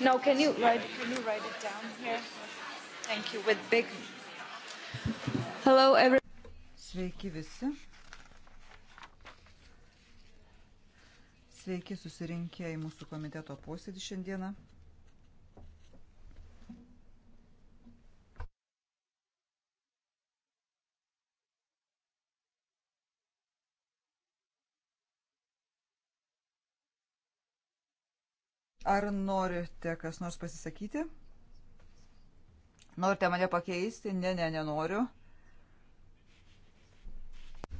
No, can you write can you write it down here? Thank you with big Hello everyone. Sveiki visi. Sveiki susirinkę į mūsų komiteto posėdį šiandieną. Ar norite kas nors pasisakyti? Norite mane pakeisti? Ne, ne, nenoriu.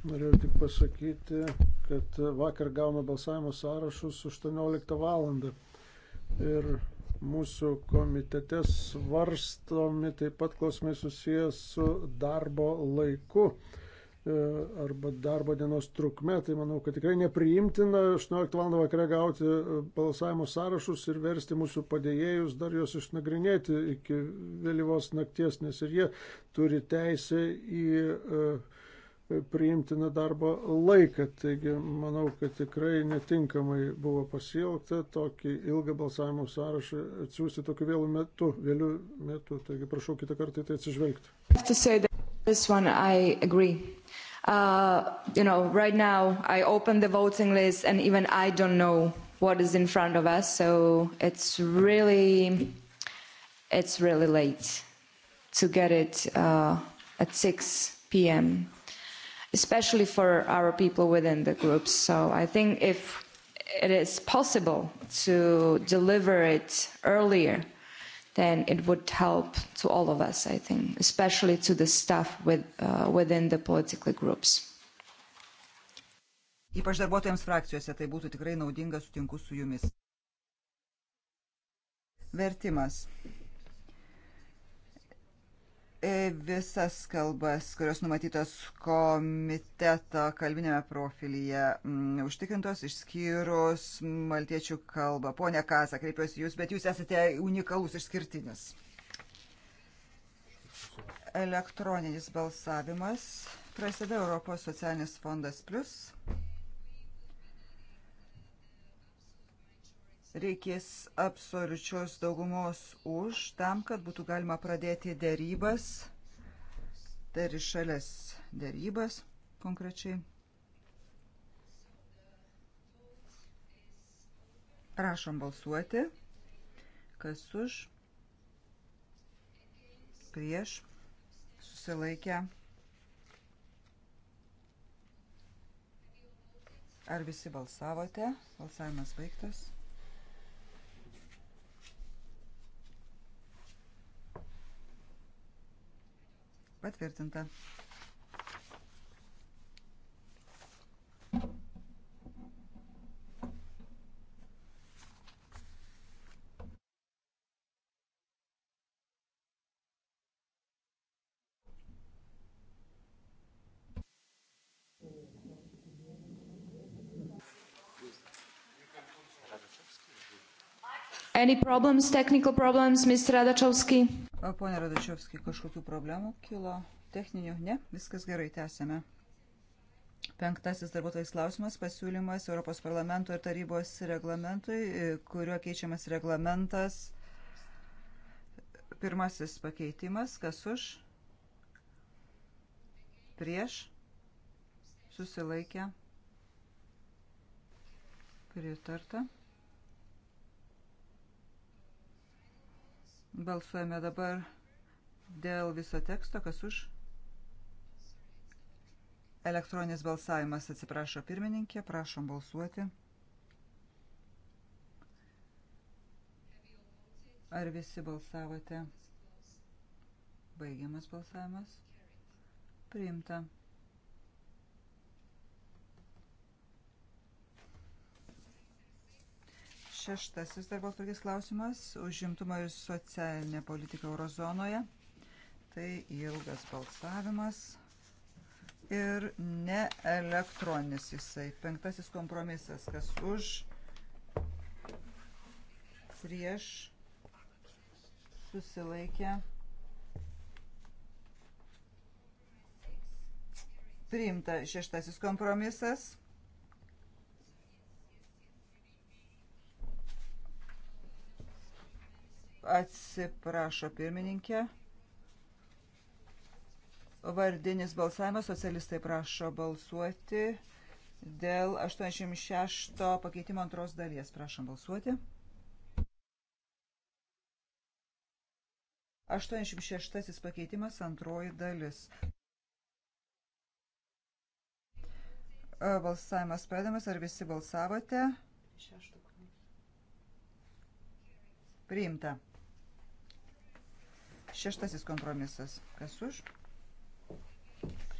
Norėjau tik pasakyti, kad vakar gavome balsavimo sąrašus 18 valandą. Ir mūsų komitete svarstomi taip pat klausimai susijęs su darbo laiku. E, arba darbo dienos trukme, tai manau, kad tikrai nepriimtina 18 val. vakare gauti e, balsavimo sąrašus ir versti mūsų padėjėjus dar juos išnagrinėti iki vėlyvos nakties, nes ir jie turi teisę į e, priimtiną darbo laiką. Taigi manau, kad tikrai netinkamai buvo pasielgta tokį ilgą balsavimo sąrašą atsiųsti tokiu vėlų metu, vėlių metu. Taigi prašau kitą kartą į tai atsižvelgti. This one I agree uh, you know, right now I open the voting list and even I don't know what is in front of us. So it's really, it's really late to get it uh, at 6 p.m., especially for our people within the groups. So I think if it is possible to deliver it earlier, then it would help to all of us, I think, especially to the staff with, uh, within the political groups. Ypač darbuotojams frakcijose tai būtų tikrai naudinga, sutinku su jumis. Vertimas. E, visas kalbas, kurios numatytos komiteto kalbinėme profilyje, m, mm, užtikrintos išskyrus maltiečių kalbą. Pone Kasa, kreipiuosi jūs, bet jūs esate unikalus, išskirtinis. Elektroninis balsavimas prasideda Europos socialinis fondas plus. reikės absoliučios daugumos už tam, kad būtų galima pradėti dėrybas, derišalės tai dėrybas konkrečiai. Prašom balsuoti, kas už, prieš, susilaikę. Ar visi balsavote? Balsavimas baigtas. Patvirtinta. Any problems, technical problems, Mr. Adaczowski? Pone Radačiovskai, kažkokių problemų kilo techninių? Ne, viskas gerai, tęsėme. Penktasis darbuotojas klausimas - pasiūlymas Europos parlamento ir tarybos reglamentui, e, kuriuo keičiamas reglamentas. Pirmasis pakeitimas - kas už? Prieš? Susilaikę? Pritarta. Balsuojame dabar dėl viso teksto, kas už. Elektroninis balsavimas atsiprašo pirmininkė, prašom balsuoti. Ar visi balsavote? Baigiamas balsavimas. Priimta. Šeštasis darbo atvarkės klausimas - užimtumo ir socialinė politika eurozonoje. Tai ilgas balsavimas ir ne elektroninis jisai. Penktasis kompromisas, kas už, prieš, susilaikė. Priimta šeštasis kompromisas. Atsiprašo pirmininkė. Vardinis balsavimas, socialistai prašo balsuoti dėl 86 pakeitimo antros dalies. Prašom balsuoti. 86 pakeitimas antroji dalis. E, balsavimas pradedamas, ar visi balsavote? Priimta. Šeštasis kompromisas. Kas už?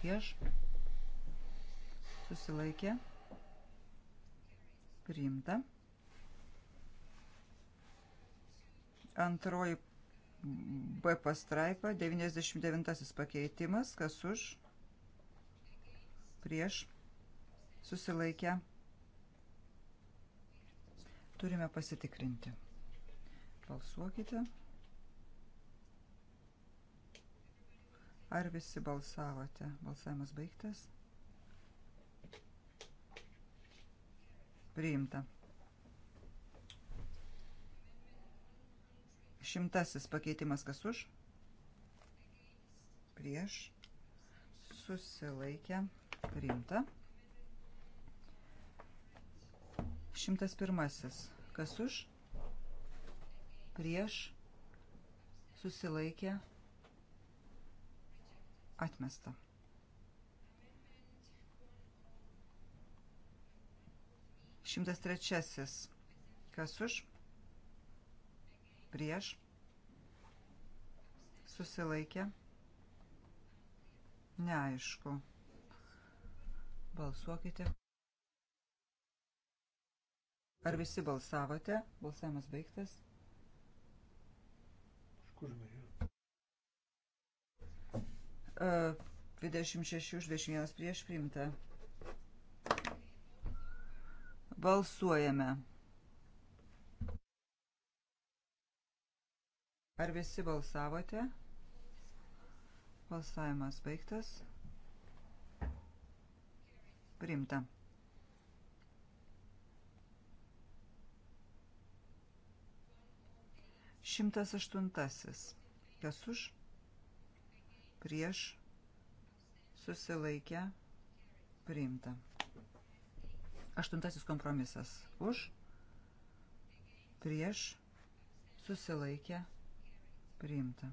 Prieš. Susilaikė. Priimta. Antroji B pastraipa, 99 pakeitimas, kas už, prieš, susilaikę. Turime pasitikrinti. Balsuokite. Ar visi balsavote? Balsavimas baigtas. Priimta. Šimtasis pakeitimas kas už? Prieš. Susilaikę. Priimta. Šimtas pirmasis. Kas už? Prieš. Susilaikę. Priimta Atmesta. Šimtas trečiasis. Kas už? Prieš. Susilaikė. Neaišku. Balsuokite. Ar visi balsavote? Balsavimas baigtas. Iš kur mane? 26 už 21 prieš priimta. Balsuojame. Ar visi balsavote? Balsavimas baigtas. Priimta. Šimtas aštuntasis. Kas už? prieš susilaikę priimta. Aštuntasis kompromisas už prieš susilaikę priimta.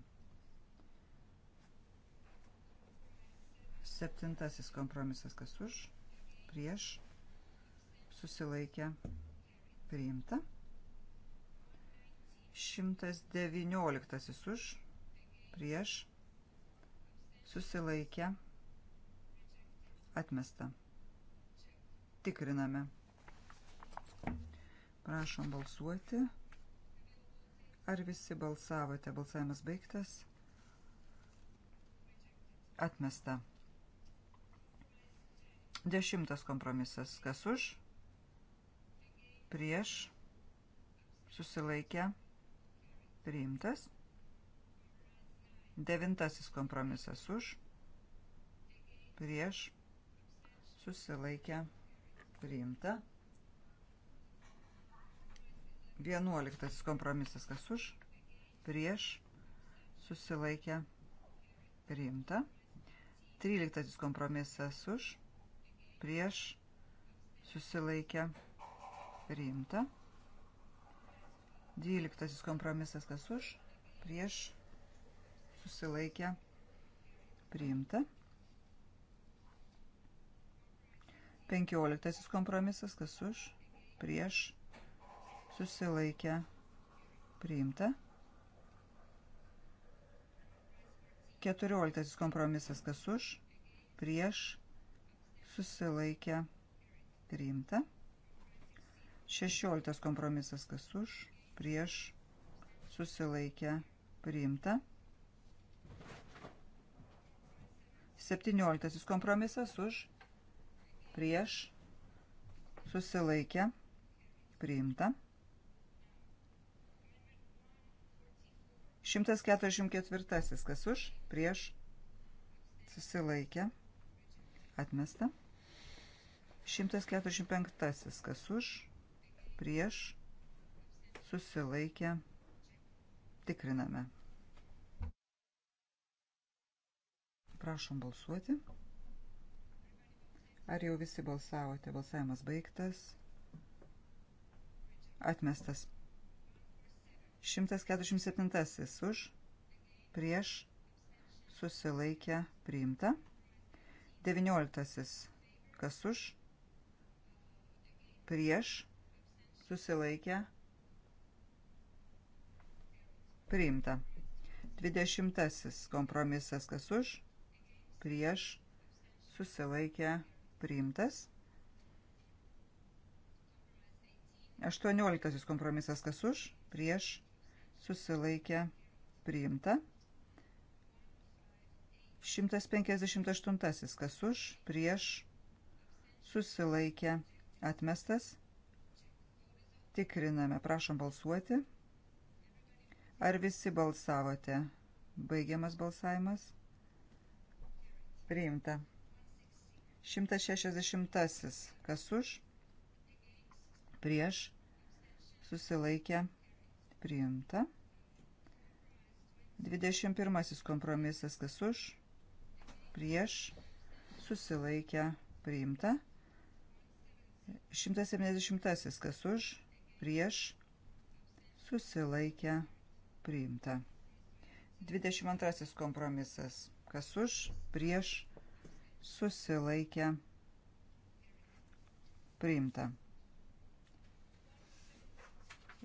Septintasis kompromisas kas už prieš susilaikę priimta. 119 už prieš susilaikė, atmesta. Tikriname. Prašom balsuoti. Ar visi balsavote? Balsavimas baigtas. Atmesta. Dešimtas kompromisas. Kas už? Prieš. Susilaikę. Priimtas. Devintasis kompromisas už, prieš, susilaikę, priimta. Vienuoliktasis kompromisas kas už, prieš, susilaikę, priimta. Tryliktasis kompromisas už, prieš, susilaikę, priimta. Dvyliktasis kompromisas kas už, prieš, susilaikę, priimta susilaikė priimta. 15 kompromisas, kas už, prieš, susilaikė priimta. 14 kompromisas, kas už, prieš, susilaikė priimta. 16 kompromisas, kas už, prieš, susilaikė priimta. 17 kompromisas už prieš susilaikę priimta. 144 kas už prieš susilaikę atmesta. 145 kas už prieš susilaikę tikriname. Prašom balsuoti. Ar jau visi balsavote? Balsavimas baigtas. Atmestas. 147 už, prieš, susilaikę, priimta. 19 kas už, prieš, susilaikę, priimta. 20 kompromisas kas už, prieš susilaikė priimtas. 18 kompromisas kas už, prieš susilaikė priimta. 158 kas už, prieš susilaikė atmestas. Tikriname, prašom balsuoti. Ar visi balsavote? Baigiamas balsavimas. Priimta. 160. Kas už? Prieš. Susilaikė. Priimta. 21. Kompromisas. Kas už? Prieš. Susilaikė. Priimta. 170. Kas už? Prieš. Susilaikė. Priimta. 22. Kompromisas kas už, prieš, susilaikę, priimta.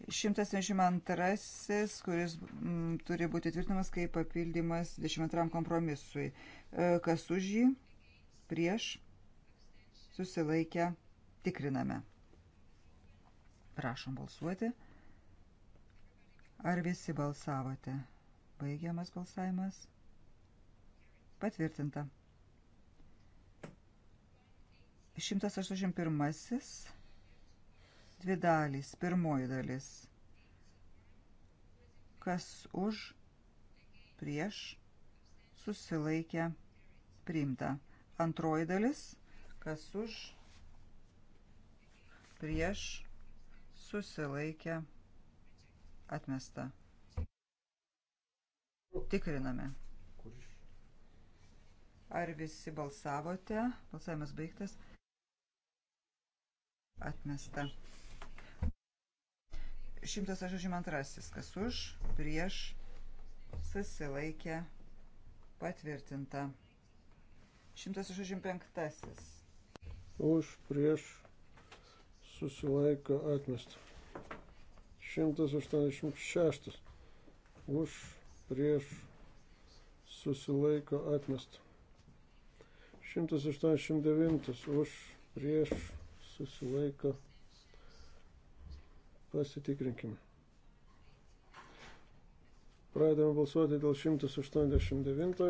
172, kuris m, mm, turi būti tvirtinamas kaip papildymas 22 kompromisui. E, kas už jį, prieš, susilaikę, tikriname. Prašom balsuoti. Ar visi balsavote? Baigiamas balsavimas. Patvirtinta. 181. Dvi dalys. Pirmoji dalis. Kas už, prieš, susilaikė, priimta. Antroji dalis. Kas už, prieš, susilaikė, atmesta. Tikriname. Ar visi balsavote? Balsavimas baigtas. Atmesta. 182. Kas už, prieš, susilaikė, patvirtinta. 165. Už, prieš, susilaiko, atmesta. 186. Už, prieš, susilaiko, atmesta. 189 už prieš susilaiko. Pasitikrinkime. Pradėjome balsuoti dėl 189.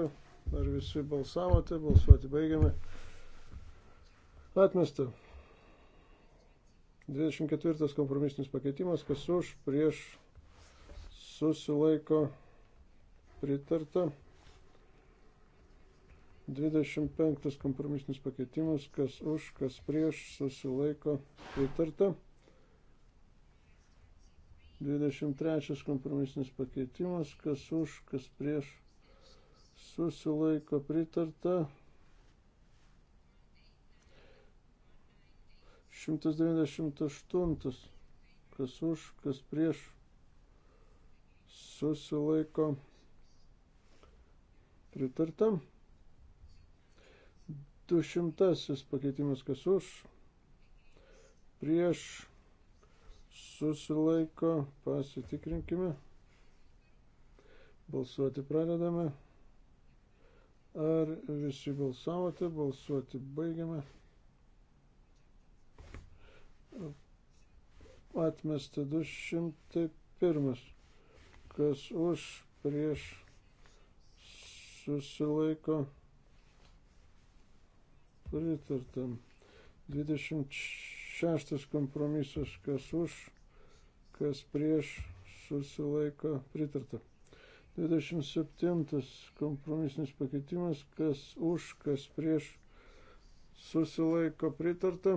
Ar visi balsavote? Balsuoti baigiame. Atmesta. 24 kompromisinis pakeitimas, kas už, prieš, susilaiko, pritarta. 25 kompromisinis pakeitimas, kas už, kas prieš, susilaiko pritarta. 23 kompromisinis pakeitimas, kas už, kas prieš, susilaiko pritarta. 198, kas už, kas prieš, susilaiko pritarta. 200 pakeitimas kas už, prieš susilaiko, pasitikrinkime. Balsuoti pradedame. Ar visi balsavote, balsuoti baigiame. Atmesta 201. Kas už, prieš susilaiko, pasitikrinkime pritarta. 26 kompromisas, kas už, kas prieš, susilaiko pritarta. 27 kompromisinis pakeitimas, kas už, kas prieš, susilaiko pritarta.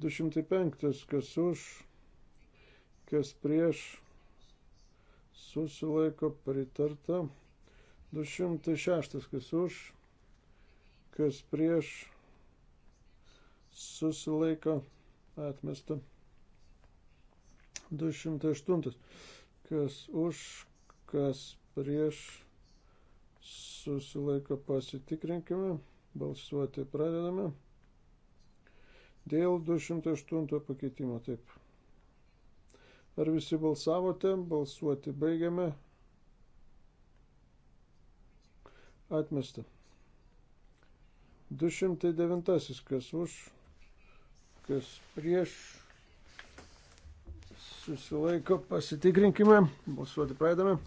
205, kas už, kas prieš, susilaiko pritarta. 206, kas už, kas prieš susilaiko atmesta. 208. Kas už, kas prieš susilaiko pasitikrinkime. Balsuoti pradedame. Dėl 208 pakeitimo taip. Ar visi balsavote? Balsuoti baigiame. Atmesta. 209. Kas už, kas prieš. Susilaiko pasitikrinkime. Balsuoti pradame.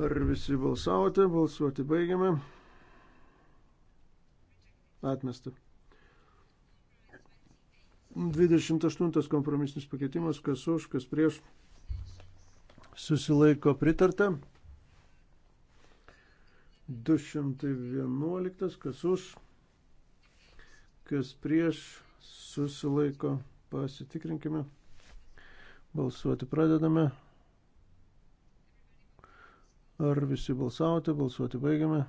Ar visi balsavote? Balsuoti baigiame. Atmesta. 28 kompromisinis pakeitimas, kas už, kas prieš, susilaiko pritarta. 211, kas už, kas prieš, susilaiko, pasitikrinkime. Balsuoti pradedame. Ar visi balsavote, balsuoti baigiame.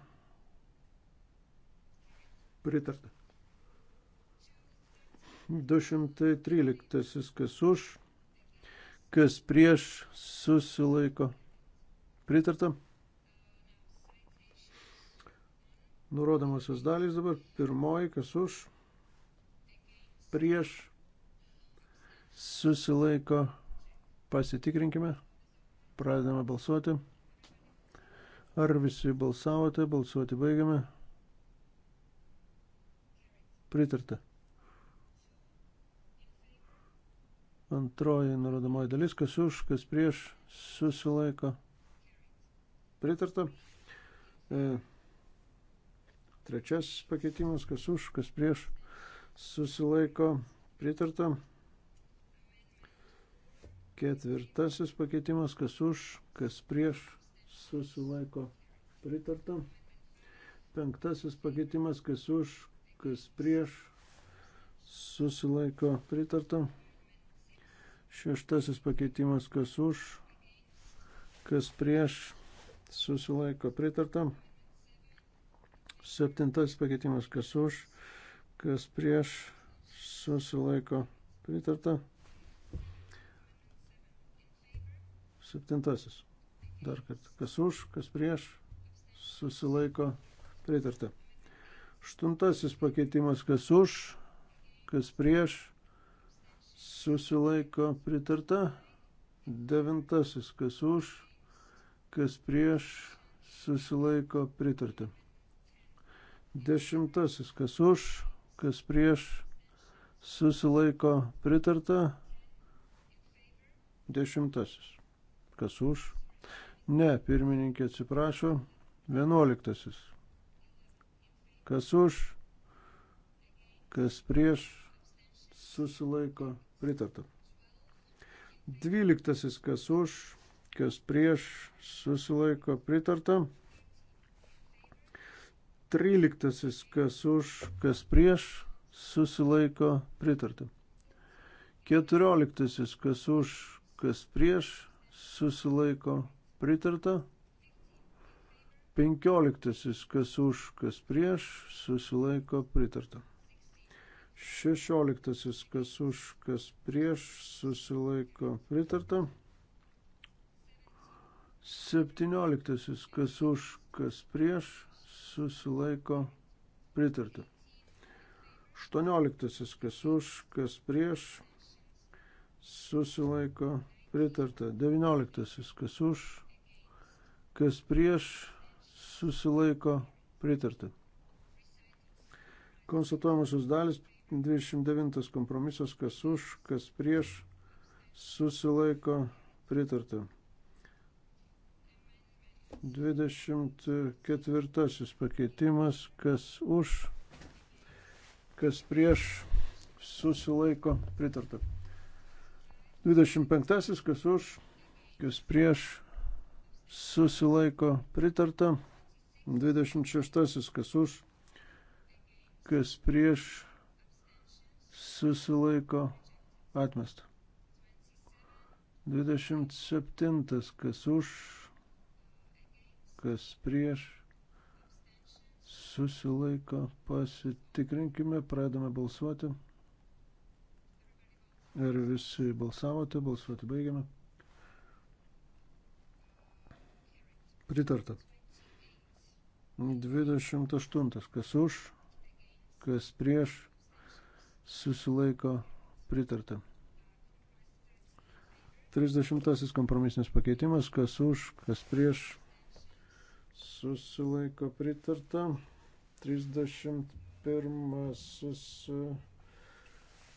Pritarta. 213, kas už, kas prieš, susilaiko. Pritarta. nurodomosios dalys dabar. Pirmoji, kas už, prieš, susilaiko, pasitikrinkime, pradedame balsuoti. Ar visi balsavote, balsuoti baigiame. Pritarta. Antroji nurodomoji dalis, kas už, kas prieš, susilaiko. Pritarta. E, Trečiasis pakeitimas, kas už, kas prieš, susilaiko pritarta. Ketvirtasis pakeitimas, kas už, kas prieš, susilaiko pritarta. Penktasis pakeitimas, kas už, kas prieš, susilaiko pritarta. Šeštasis pakeitimas, kas už, kas prieš, susilaiko pritarta. Septintas pakeitimas, kas už, kas prieš, susilaiko pritarta. Septintasis. Dar kartą, kas už, kas prieš, susilaiko pritarta. Aštuntasis pakeitimas, kas už, kas prieš, susilaiko pritarta. Devintasis, kas už, kas prieš, susilaiko pritarta. Dešimtasis, kas už, kas prieš, susilaiko pritarta. Dešimtasis, kas už. Ne, pirmininkė atsiprašo. Vienuoliktasis, kas už, kas prieš, susilaiko pritarta. Dvyliktasis, kas už, kas prieš, susilaiko pritarta. 13. Kas už, kas prieš, susilaiko pritarta. 14. Kas už, kas prieš, susilaiko pritarta. 15. Kas už, kas prieš, susilaiko pritarta. 16. Kas už, kas prieš, susilaiko pritarta. 17. Kas už, kas prieš, susilaiko pritarta. 18. Kas už, kas prieš susilaiko pritarta. 19. Kas už, kas prieš susilaiko pritarta. Konstatuojamosios dalis 29 kompromisas, kas už, kas prieš, susilaiko pritarta. 24 pakeitimas, kas už, kas prieš, susilaiko, pritarta. 25 kas už, kas prieš, susilaiko, pritarta. 26 kas už, kas prieš, susilaiko, atmesta. 27 kas už, kas prieš, susilaiko, pasitikrinkime, pradame balsuoti. Ir visi balsavote, balsuoti baigiame. Pritarta. 28. Kas už, kas prieš, susilaiko, pritarta. 30 kompromisinis pakeitimas, kas už, kas prieš, susilaiko pritarta. 31 su,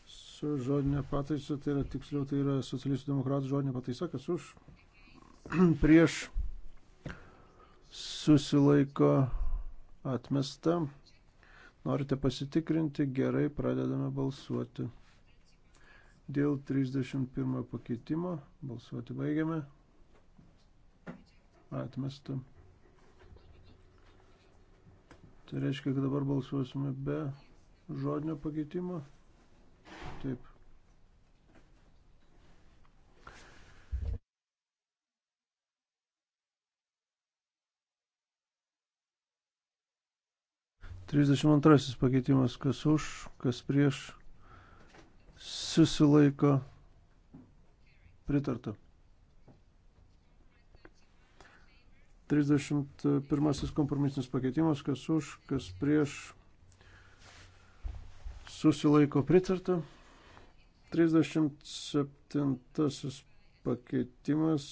su žodinė pataisa, tai yra tiksliau, tai yra socialistų demokratų žodinė pataisa, kas už prieš susilaiko atmesta. Norite pasitikrinti, gerai pradedame balsuoti. Dėl 31 pakeitimo balsuoti baigiame. Atmesta. Tai reiškia, kad dabar balsuosime be žodinio pakeitimo. Taip. Trisdešimt antrasis pakeitimas, kas už, kas prieš, susilaiko, pritarta. 31 kompromisinis pakeitimas, kas už, kas prieš susilaiko pritarta. 37 pakeitimas,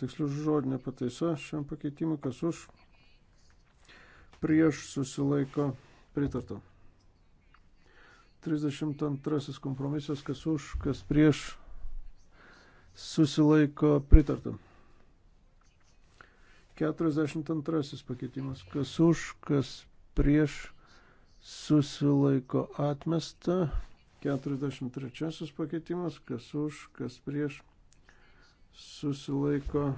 tiksliau žodinė pataisa šiam pakeitimui, kas už, prieš susilaiko pritarta. 32 kompromisas, kas už, kas prieš susilaiko pritarta. 42 pakeitimas. Kas už, kas prieš susilaiko atmesta. 43 pakeitimas. Kas už, kas prieš susilaiko.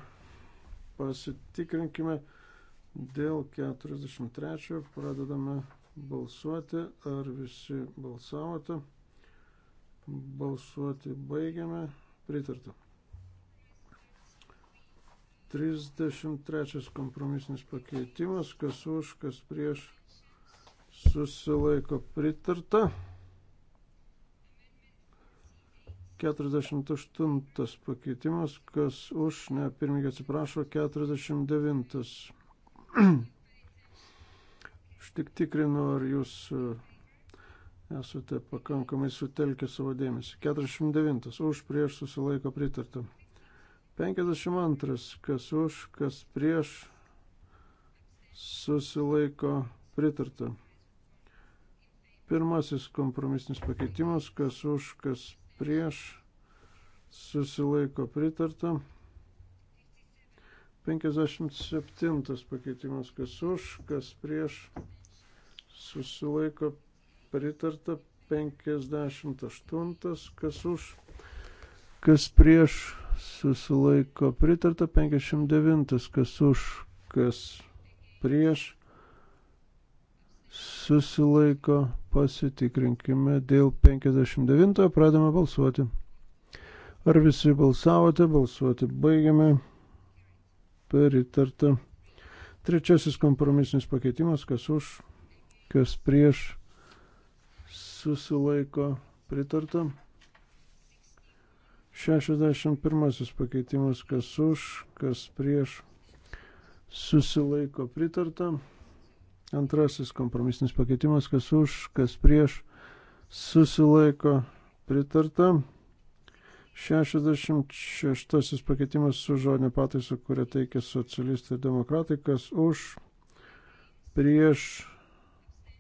Pasitikrinkime. Dėl 43 pradedame balsuoti. Ar visi balsavote? Balsuoti baigiame. Pritartu. 33 kompromisinis pakeitimas, kas už, kas prieš susilaiko pritarta. 48 pakeitimas, kas už, ne, pirmininkai atsiprašo, 49. Aš tik tikrinu, ar jūs e, esate pakankamai sutelkę savo dėmesį. 49. Už prieš susilaiko pritarta. 52. Kas už, kas prieš susilaiko pritarta. Pirmasis kompromisinis pakeitimas, kas už, kas prieš susilaiko pritarta. 57 pakeitimas, kas už, kas prieš, susilaiko pritarta 58, kas už, kas prieš, susilaiko pritarta 59, kas už, kas prieš susilaiko pasitikrinkime dėl 59, pradame balsuoti. Ar visi balsavote, balsuoti baigiame, pritarta. Trečiasis kompromisinis pakeitimas, kas už, kas prieš susilaiko pritarta. 61 pakeitimas, kas už, kas prieš, susilaiko pritarta. Antrasis kompromisinis pakeitimas, kas už, kas prieš, susilaiko pritarta. 66 pakeitimas su žodinė pataisa, kurią teikia socialistai ir demokratai, kas už, prieš,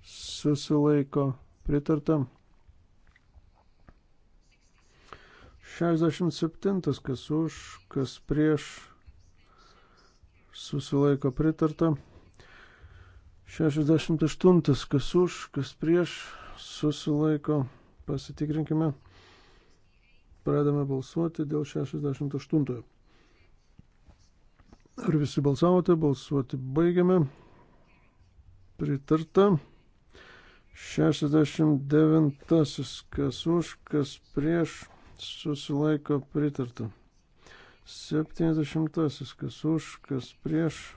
susilaiko pritarta. 67, kas už, kas prieš, susilaiko pritarta. 68, kas už, kas prieš, susilaiko, pasitikrinkime. Pradame balsuoti dėl 68. Ar visi balsavote, balsuoti baigiame. Pritarta. 69, kas už, kas prieš, susilaiko pritarta. 70. Kas už, kas prieš,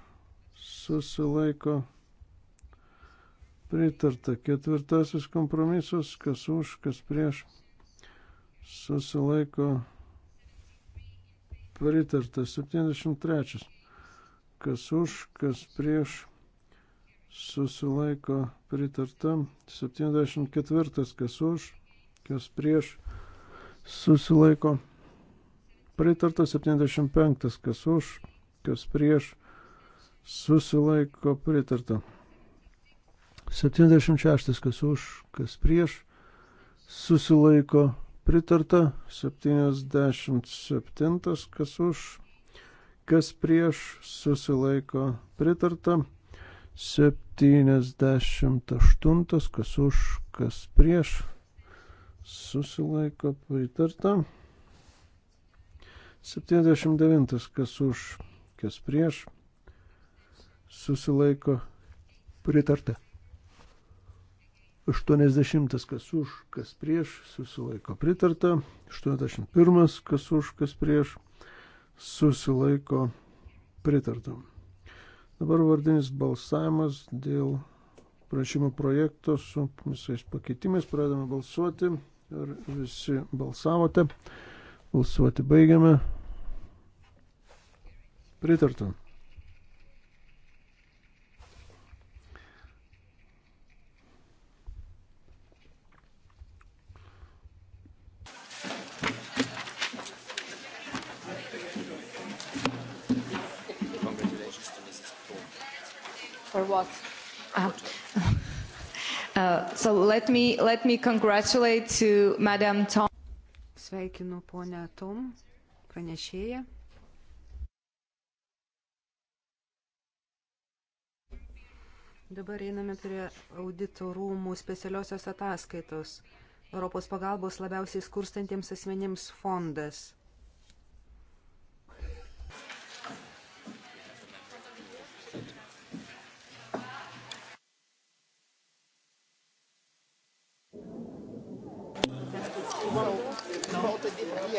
susilaiko pritarta. Ketvirtasis kompromisas, kas už, kas prieš, susilaiko pritarta. 73. Kas už, kas prieš, susilaiko pritarta. 74. Kas už, kas prieš, susilaiko. Pritarta 75, kas už, kas prieš, susilaiko pritarta. 76, kas už, kas prieš, susilaiko pritarta. 77, kas už, kas prieš, susilaiko pritarta. 78, kas už, kas prieš, susilaiko pritarta. 79. Kas už, kas prieš, susilaiko pritarta. 80. Kas už, kas prieš, susilaiko pritarta. 81. Kas už, kas prieš, susilaiko pritarta. Dabar vardinis balsavimas dėl prašymo projekto su visais pakeitimais. Pradedame balsuoti. Ar visi balsavote? Balsuoti baigiame. Pritartam. for what? Uh, Uh, so let me, let me congratulate to Madam Tom. Sveikinu ponę Tom, pranešėją. Dabar einame prie audito rūmų specialiosios ataskaitos. Europos pagalbos labiausiai skurstantiems asmenims fondas.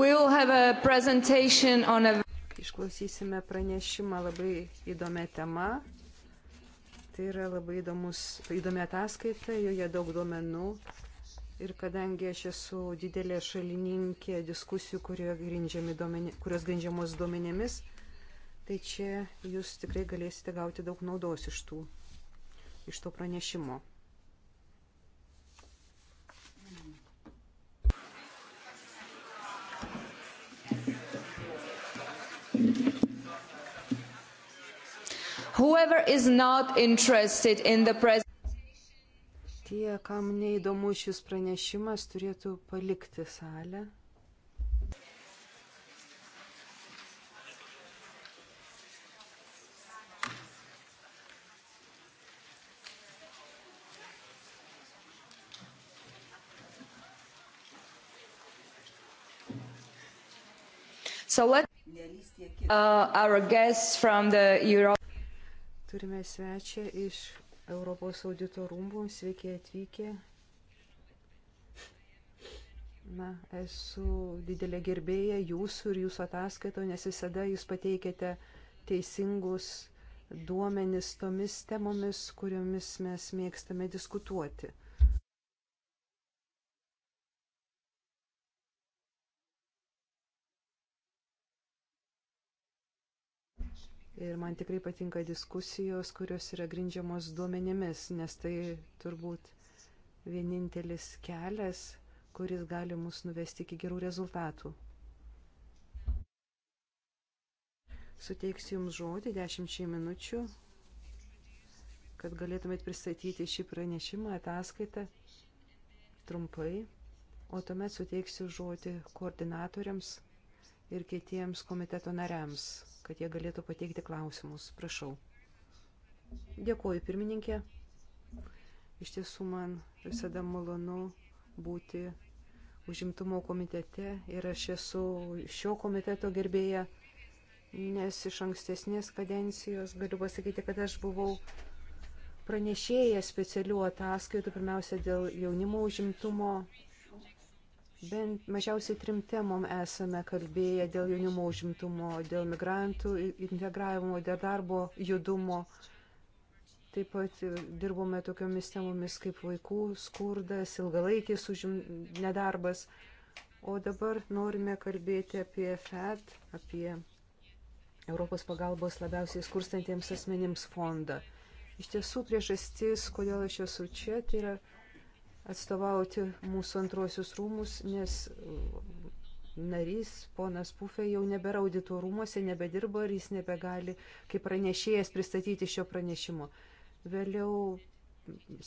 We'll a... Išklausysime pranešimą labai įdomią temą. Tai yra labai įdomus, įdomi ataskaita, joje daug duomenų. Ir kadangi aš esu didelė šalininkė diskusijų, duomeni, kurios grindžiamos duomenėmis, tai čia jūs tikrai galėsite gauti daug naudos iš, tų, iš to pranešimo. Whoever is not interested in the present. Tie, kam neįdomu šis pranešimas, turėtų palikti salę. So let uh, our guests from the Euro Turime svečią iš Europos audito rūmų. Sveiki atvykę. Na, esu didelė gerbėja jūsų ir jūsų ataskaito, nes visada jūs pateikėte teisingus duomenis tomis temomis, kuriomis mes mėgstame diskutuoti. Ir man tikrai patinka diskusijos, kurios yra grindžiamos duomenimis, nes tai turbūt vienintelis kelias, kuris gali mus nuvesti iki gerų rezultatų. Suteiksiu Jums žodį 10 minučių, kad galėtumėt pristatyti šį pranešimą, ataskaitą trumpai, o tuomet suteiksiu žodį koordinatoriams ir kitiems komiteto nariams kad jie galėtų pateikti klausimus. Prašau. Dėkuoju, pirmininkė. Iš tiesų man visada malonu būti užimtumo komitete ir aš esu šio komiteto gerbėja, nes iš ankstesnės kadencijos galiu pasakyti, kad aš buvau pranešėja specialių ataskaitų, pirmiausia dėl jaunimo užimtumo Bent mažiausiai trim temom esame kalbėję dėl jaunimo užimtumo, dėl migrantų integravimo, dėl darbo judumo. Taip pat e, dirbome tokiomis temomis kaip vaikų skurdas, ilgalaikis užim... nedarbas. O dabar norime kalbėti apie FED, apie Europos pagalbos labiausiai skurstantiems asmenims fondą. Iš tiesų priežastis, kodėl aš esu čia, tai yra atstovauti mūsų antrosius rūmus, nes uh, narys, ponas Pufė, jau nebėra audito rūmose, nebedirba ir jis nebegali kaip pranešėjas pristatyti šio pranešimo. Vėliau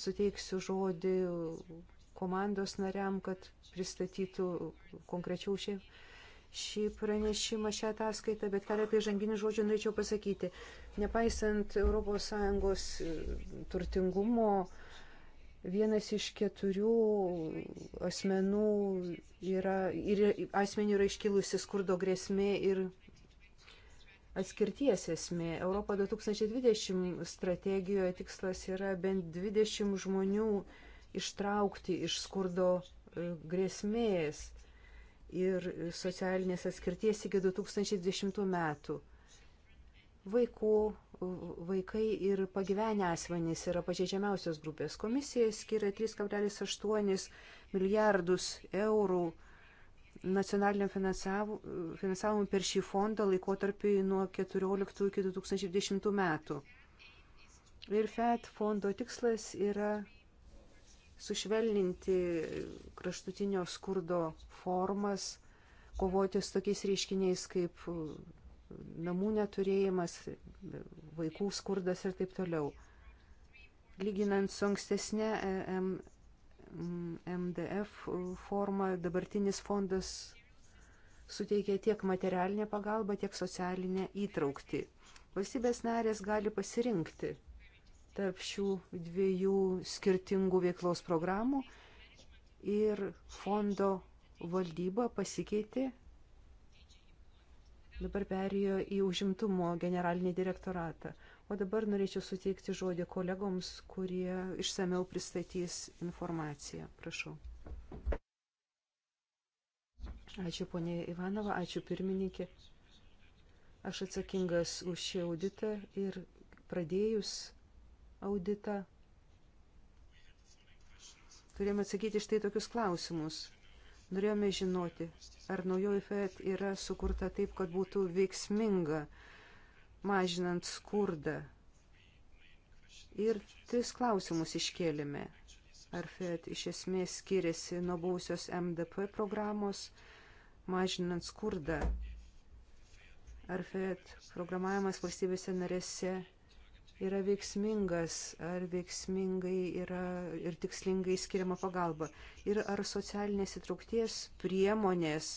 suteiksiu žodį komandos nariam, kad pristatytų konkrečiau šį, šį pranešimą, šią ataskaitą, bet keletą įžanginių žodžių norėčiau pasakyti. Nepaisant ES uh, turtingumo, uh, vienas iš keturių asmenų yra, ir asmenių yra iškilusi skurdo grėsmė ir atskirties esmė. Europo 2020 strategijoje tikslas yra bent 20 žmonių ištraukti iš skurdo e, grėsmės ir socialinės atskirties iki 2010 metų. Vaikų, vaikai ir pagyvenę asmenys yra pažeidžiamiausios grupės. Komisija skiria 3,8 milijardus eurų nacionaliniam finansavimui per šį fondą laikotarpį nuo 2014 iki 2010 metų. Ir FED fondo tikslas yra sušvelninti kraštutinio skurdo formas, kovoti su tokiais reiškiniais kaip namų neturėjimas, vaikų skurdas ir taip toliau. Lyginant su ankstesne e, MDF forma, dabartinis fondas suteikia tiek materialinę pagalbą, tiek socialinę įtraukti. Valstybės narės gali pasirinkti tarp šių dviejų skirtingų veiklos programų ir fondo valdyba pasikeitė dabar perėjo į užimtumo generalinį direktoratą. O dabar norėčiau suteikti žodį kolegoms, kurie išsameu pristatys informaciją. Prašau. Ačiū ponė Ivanova, ačiū pirmininkė. Aš atsakingas už šį auditą ir pradėjus auditą turėjome atsakyti štai tokius klausimus. Norėjome žinoti, ar naujoji FED yra sukurta taip, kad būtų veiksminga, mažinant skurdą. Ir tris klausimus iškėlėme. Ar FED iš esmės skiriasi nuo buvusios MDP programos, mažinant skurdą? Ar FED programavimas valstybėse narėse yra veiksmingas, ar veiksmingai yra ir tikslingai skiriama pagalba. Ir ar socialinės įtraukties priemonės,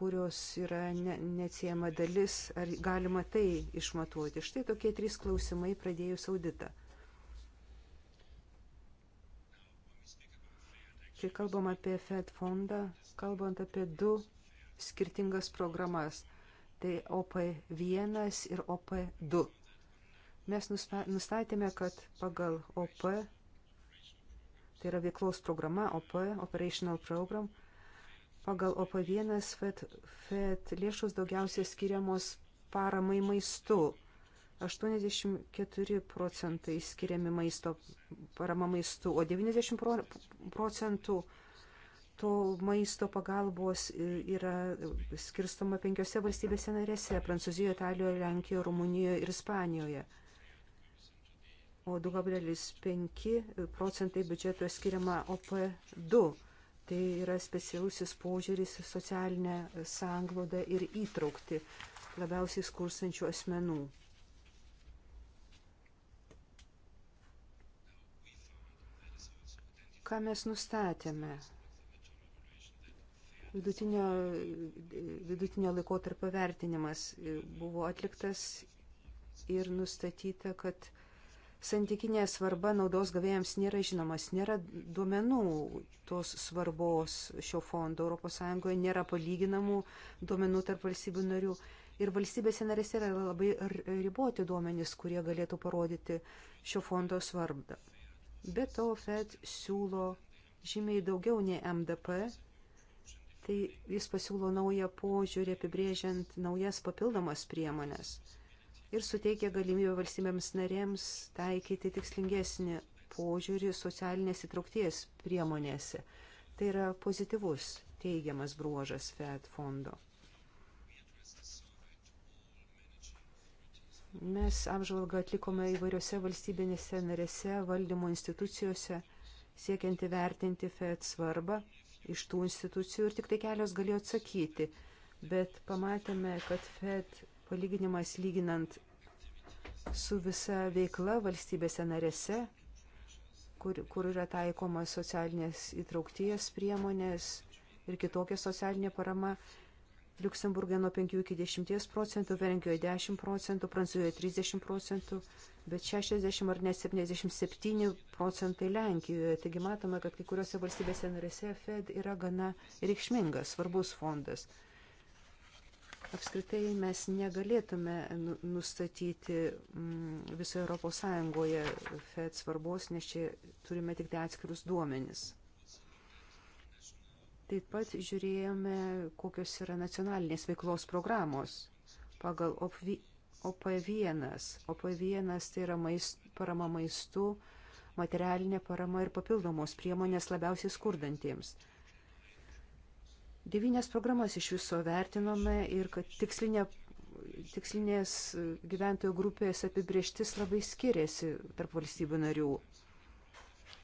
kurios yra ne, neatsiema dalis, ar galima tai išmatuoti. Štai tokie trys klausimai pradėjus auditą. Kai kalbam apie Fed fondą, kalbant apie du skirtingas programas, tai OP1 ir OP2 Mes nustatėme, kad pagal OP, tai yra veiklos programa OP, Operational Program, pagal OP1 FED, FED lėšos daugiausiai skiriamos paramai maistu. 84 procentai skiriami maisto, parama maistu, o 90 procentų to maisto pagalbos yra skirstoma penkiose valstybėse narėse - Prancūzijoje, Italijoje, Lenkijoje, Rumunijoje ir Ispanijoje o 2,5 procentai biudžeto skiriama OP2. Tai yra specialusis požiūris į socialinę sąnglaudą ir įtraukti labiausiai skursančių asmenų. Ką mes nustatėme? Vidutinio, vidutinio laikotarpio vertinimas buvo atliktas ir nustatyta, kad santykinė svarba naudos gavėjams nėra žinomas, nėra duomenų tos svarbos šio fondo ES, nėra palyginamų duomenų tarp valstybių narių. Ir valstybėse narėse yra labai riboti duomenys, kurie galėtų parodyti šio fondo svarbą. Be to, FED siūlo žymiai daugiau nei MDP. Tai jis pasiūlo naują požiūrį apibrėžiant naujas papildomas priemonės ir suteikia galimybę valstybėms narėms taikyti tikslingesnį požiūrį socialinės įtraukties priemonėse. Tai yra pozityvus, teigiamas bruožas FED fondo. Mes apžvalgą atlikome įvairiose valstybinėse narėse, valdymo institucijose, siekiant įvertinti FED svarbą iš tų institucijų ir tik tai kelios galėjo atsakyti, bet pamatėme, kad FED palyginimas lyginant su visa veikla valstybėse narėse, kur, kur yra taikoma socialinės įtraukties priemonės ir kitokia socialinė parama. Liuksemburgė nuo 5 iki 10 procentų, Vengijoje 10 procentų, Prancūzijoje 30 procentų, bet 60 ar net 77 procentai Lenkijoje. Taigi matome, kad kai kuriuose valstybėse narėse Fed yra gana reikšmingas, svarbus fondas. Apskritai mes negalėtume nu, nustatyti mm, visoje Europos Sąjungoje FED svarbos, nes čia turime tik tai atskirus duomenis. Taip pat žiūrėjome, kokios yra nacionalinės veiklos programos pagal OP1. OP1 tai yra maist, parama maistu, materialinė parama ir papildomos priemonės labiausiai skurdantiems. Devynės programas iš viso vertinome ir kad tikslinė, tikslinės gyventojų grupės apibrieštis labai skiriasi tarp valstybių narių.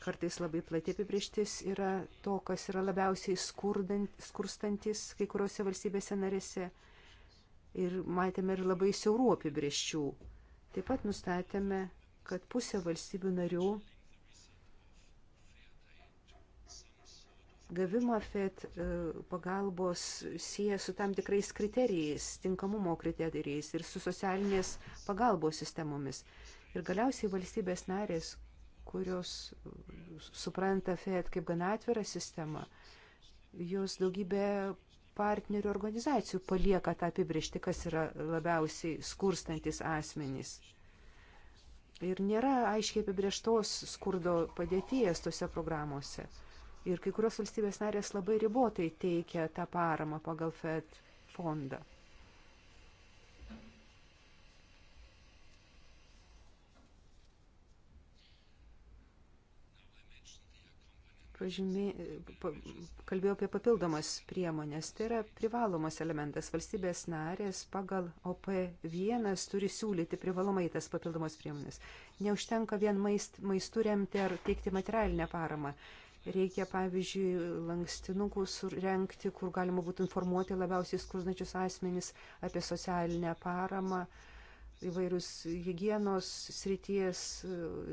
Kartais labai plati apibrieštis yra to, kas yra labiausiai skurdant, skurstantis kai kuriuose valstybėse narėse. Ir matėme ir labai siaurų apibrieščių. Taip pat nustatėme, kad pusė valstybių narių gavimą FED e, pagalbos sieja su tam tikrais kriterijais, tinkamumo kriterijais ir su socialinės pagalbos sistemomis. Ir galiausiai valstybės narės, kurios supranta FED kaip gana atvirą sistemą, jos daugybė partnerių organizacijų palieka tą apibriežti, kas yra labiausiai skurstantis asmenys. Ir nėra aiškiai apibrieštos skurdo padėties tose programuose. Ir kai kurios valstybės narės labai ribotai teikia tą paramą pagal FED fondą. pažymė, pa, kalbėjau apie papildomas priemonės. Tai yra privalomas elementas. Valstybės narės pagal OP1 turi siūlyti privalomai tas papildomas priemonės. Neužtenka vien maist, maistų remti ar teikti materialinę paramą. Reikia, pavyzdžiui, lankstinukų surenkti, kur galima būtų informuoti labiausiai skurdančius asmenys apie socialinę paramą, įvairius hygienos srities,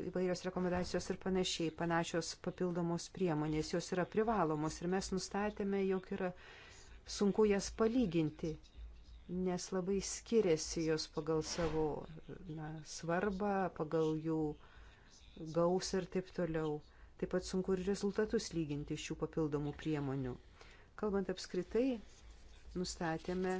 įvairios rekomendacijos ir panašiai, panašios papildomos priemonės. Jos yra privalomos ir mes nustatėme, jog yra sunku jas palyginti, nes labai skiriasi jos pagal savo na, svarbą, pagal jų gausą ir taip toliau Taip pat sunku ir rezultatus lyginti šių papildomų priemonių. Kalbant apskritai, nustatėme,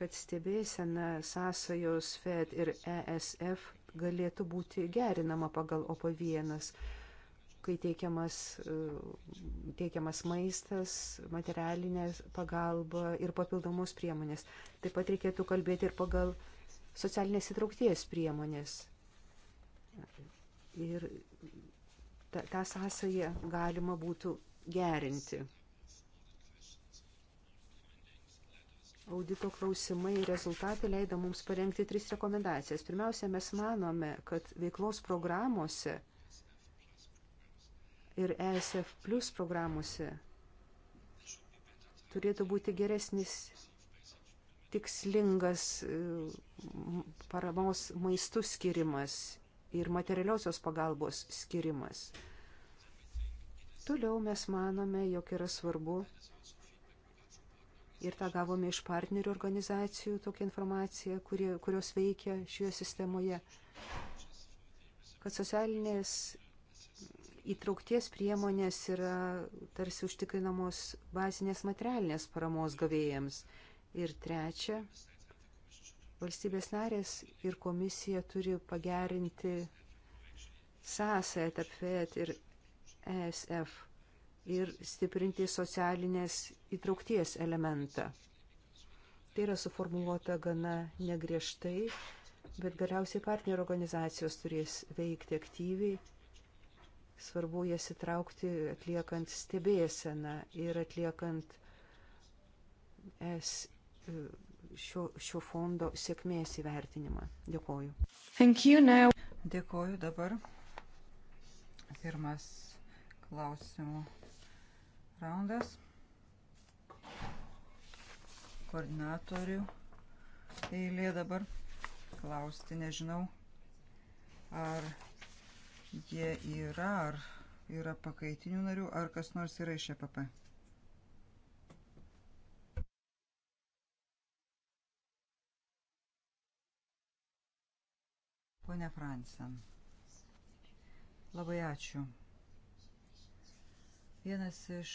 kad stebėsena sąsajos FED ir ESF galėtų būti gerinama pagal OP1, kai teikiamas, e, teikiamas maistas, materialinė pagalba ir papildomos priemonės. Taip pat reikėtų kalbėti ir pagal socialinės įtraukties priemonės ir tą, tą sąsąją galima būtų gerinti. Audito klausimai ir rezultatai leido mums parengti tris rekomendacijas. Pirmiausia, mes manome, kad veiklos programuose ir ESF plus programuose turėtų būti geresnis tikslingas e, paramos maistų skirimas ir materialiosios pagalbos skirimas. Toliau mes manome, jog yra svarbu ir tą gavome iš partnerių organizacijų tokią informaciją, kurie, kurios veikia šioje sistemoje, kad socialinės įtraukties priemonės yra tarsi užtikrinamos bazinės materialinės paramos gavėjams. Ir trečia, Valstybės narės ir komisija turi pagerinti sąsąją tarp FED ir ESF ir stiprinti socialinės įtraukties elementą. Tai yra suformuoluota gana negriežtai, bet galiausiai partnerio organizacijos turės veikti aktyviai. Svarbu jas įtraukti atliekant stebėseną ir atliekant es šio, šio fondo sėkmės įvertinimą. Dėkoju. Dėkoju dabar. Pirmas klausimų raundas. Koordinatorių eilė dabar klausti, nežinau, ar jie yra, ar yra pakaitinių narių, ar kas nors yra iš EPP. Pone Fransen. Labai ačiū. Vienas iš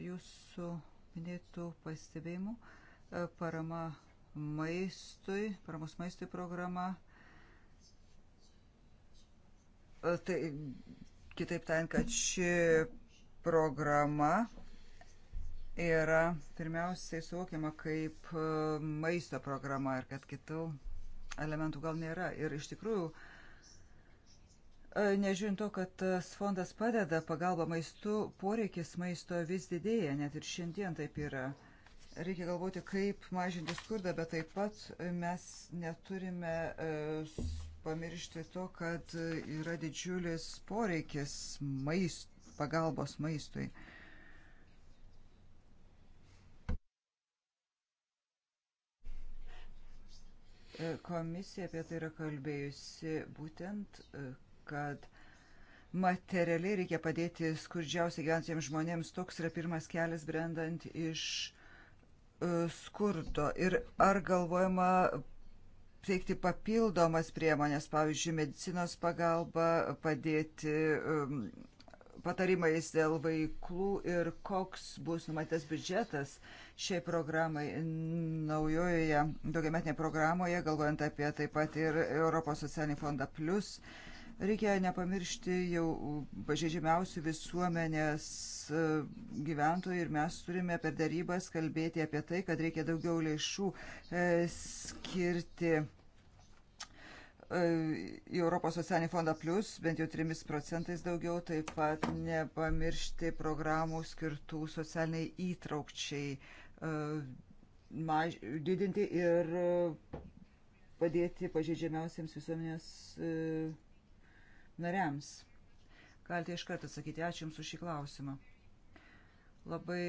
jūsų minėtų pastebėjimų e, - parama maistui, paramos maistui programa. E, tai kitaip tariant, kad ši programa yra pirmiausiai suvokiama kaip e, maisto programa ir kad kitų elementų gal nėra. Ir iš tikrųjų, e, nežiūrint to, kad tas fondas padeda pagalba maistu, poreikis maisto vis didėja, net ir šiandien taip yra. Reikia galvoti, kaip mažinti skurdą, bet taip pat mes neturime e, pamiršti to, kad yra didžiulis poreikis maist, pagalbos maistui. E, komisija apie tai yra kalbėjusi būtent, e, kad materialiai reikia padėti skurdžiausiai gyventojams žmonėms. Toks yra pirmas kelias brendant iš e, skurdo. Ir ar galvojama teikti papildomas priemonės, pavyzdžiui, medicinos pagalba, padėti patarimais dėl vaikų ir koks bus numatytas biudžetas šiai programai naujoje daugiametinėje programoje, galvojant apie taip pat ir Europos socialinį fondą plus. Reikia nepamiršti jau pažeidžiamiausių visuomenės e, gyventojų ir mes turime per darybas kalbėti apie tai, kad reikia daugiau lėšų e, skirti E, į Europos socialinį fondą plus bent jau 3 procentais daugiau, taip pat nepamiršti programų skirtų socialiniai įtraukčiai e, maž, didinti ir e, padėti pažeidžiamiausiams visuomenės nariams. Galite iš karto atsakyti, ačiū Jums už šį klausimą. Labai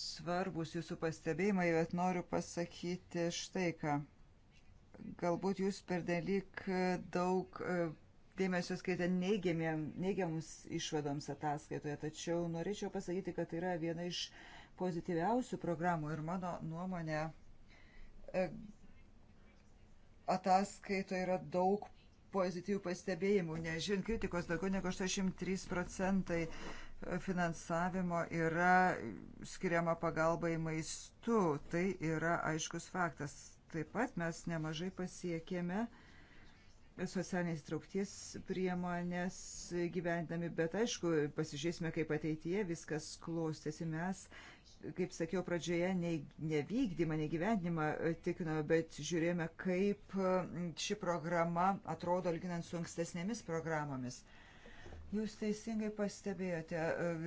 svarbus Jūsų pastebėjimai, bet noriu pasakyti štai ką galbūt jūs pernelyg e, daug e, dėmesio skirtė neigiamams išvadoms ataskaitoje, tačiau norėčiau pasakyti, kad tai yra viena iš pozityviausių programų ir mano nuomonė e, ataskaitoje yra daug pozityvių pastebėjimų, nežin kritikos, daugiau negu 83 procentai finansavimo yra skiriama pagalbai maistu. Tai yra aiškus faktas. Taip pat mes nemažai pasiekėme socialinės traukties priemonės gyvendami, bet aišku, pasižiūrėsime, kaip ateityje viskas klostėsi. Mes, kaip sakiau pradžioje, nei, nevykdymą, negyvendimą tikino, bet žiūrėjome, kaip ši programa atrodo lyginant su ankstesnėmis programomis. Jūs teisingai pastebėjote,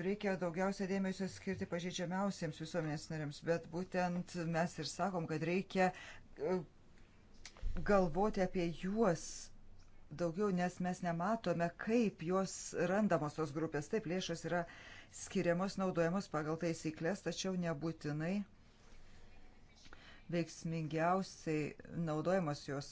reikia daugiausia dėmesio skirti pažeidžiamiausiems visuomenės nariams, bet būtent mes ir sakom, kad reikia galvoti apie juos daugiau, nes mes nematome, kaip jos randamos tos grupės. Taip, lėšos yra skiriamos, naudojamos pagal taisyklės, tačiau nebūtinai veiksmingiausiai naudojamos jos,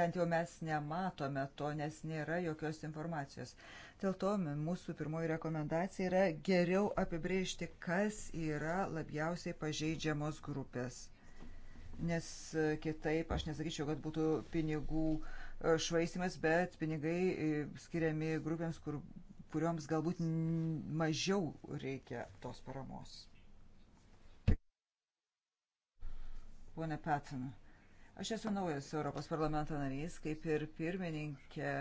bent jau mes nematome to, nes nėra jokios informacijos. Dėl to mūsų pirmoji rekomendacija yra geriau apibrėžti, kas yra labiausiai pažeidžiamos grupės nes e, kitaip aš nesakyčiau, kad būtų pinigų e, švaistimas, bet pinigai e, skiriami grupėms, kur, kurioms galbūt mažiau reikia tos paramos. Pone Patin, aš esu naujas Europos parlamento narys, kaip ir pirmininkė,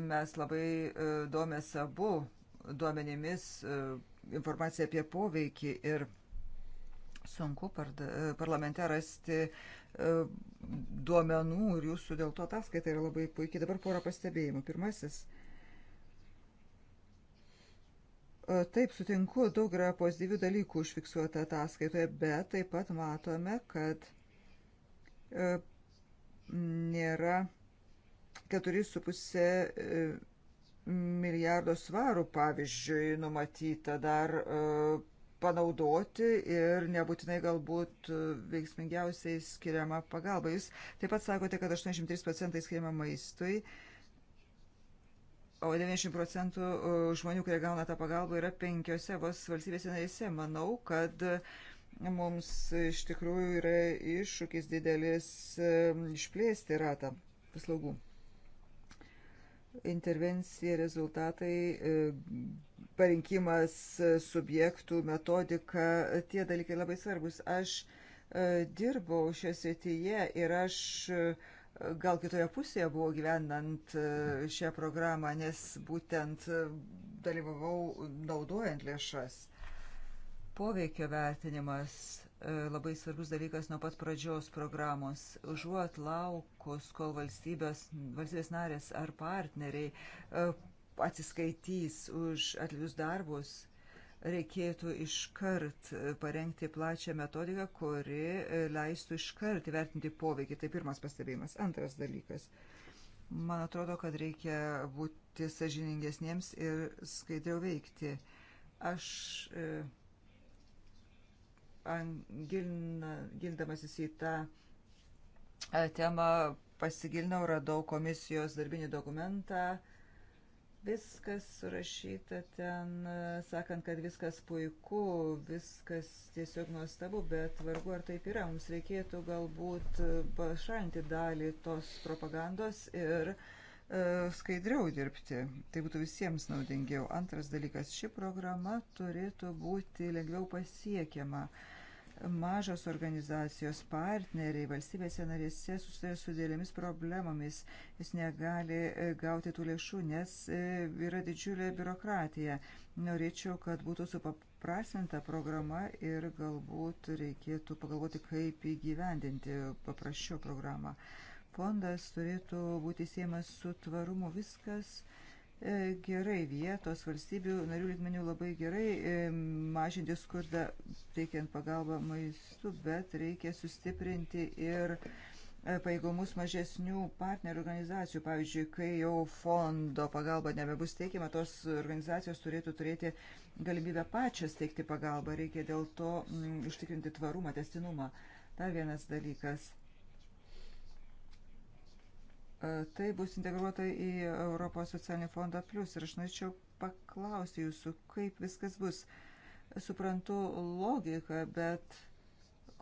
mes labai domės abu duomenimis informaciją apie poveikį ir poveikį sunku e, parlamente rasti e, duomenų ir jūsų dėl to ataskaita yra labai puikiai. Dabar porą pastebėjimų. Pirmasis. E, taip, sutinku, daug yra pozityvių dalykų užfiksuota ataskaitoje, bet taip pat matome, kad nėra 4,5 milijardo svarų, pavyzdžiui, numatyta dar panaudoti ir nebūtinai galbūt veiksmingiausiai skiriama pagalba. Jūs taip pat sakote, kad 83 procentai skiriama maistui, o 90 procentų e, žmonių, kurie gauna tą pagalbą, yra penkiose vos valstybėse narėse. Manau, kad mums iš tikrųjų yra iššūkis didelis e, išplėsti ratą paslaugų intervencija, rezultatai, e, parinkimas subjektų, metodika, tie dalykai labai svarbus. Aš e, dirbau šioje srityje ir aš e, gal kitoje pusėje buvau gyvenant šią programą, nes būtent dalyvavau naudojant lėšas. Poveikio vertinimas E, labai svarbus dalykas nuo pat pradžios programos. Užuot laukus, kol valstybės, valstybės narės ar partneriai e, atsiskaitys už atlius darbus, reikėtų iškart e, parengti plačią metodiką, kuri leistų iškart įvertinti poveikį. Tai pirmas pastebėjimas. Antras dalykas. Man atrodo, kad reikia būti sažiningesniems ir skaidriau veikti. Aš e, gildamasis į tą e, temą pasigilinau, radau komisijos darbinį dokumentą. Viskas surašyta ten, e, sakant, kad viskas puiku, viskas tiesiog nuostabu, bet vargu ar taip yra. Mums reikėtų galbūt e, pašalinti dalį tos propagandos ir uh, skaidriau dirbti. Tai būtų visiems naudingiau. Antras dalykas, ši programa turėtų būti lengviau pasiekiama. Uh, mažos organizacijos partneriai valstybėse narėse susiduria su dėlėmis problemomis. Jis negali e, gauti tų lėšų, nes e, yra didžiulė biurokratija. Norėčiau, kad būtų supaprastinta programa ir galbūt reikėtų pagalvoti, kaip įgyvendinti paprasčiau programą. Fondas turėtų būti siejamas su tvarumu viskas E, gerai vietos valstybių narių lygmenių labai gerai e, mažinti skurdą, teikiant pagalbą maistu, bet reikia sustiprinti ir e, paėgumus mažesnių partnerių organizacijų. Pavyzdžiui, kai jau fondo pagalba nebebus teikiama, tos organizacijos turėtų turėti galimybę pačias teikti pagalbą. Reikia dėl to m, užtikrinti tvarumą, testinumą. Dar vienas dalykas – E, tai bus integruota į Europos socialinį fondą plus ir aš norėčiau paklausti jūsų, kaip viskas bus. Suprantu logiką, bet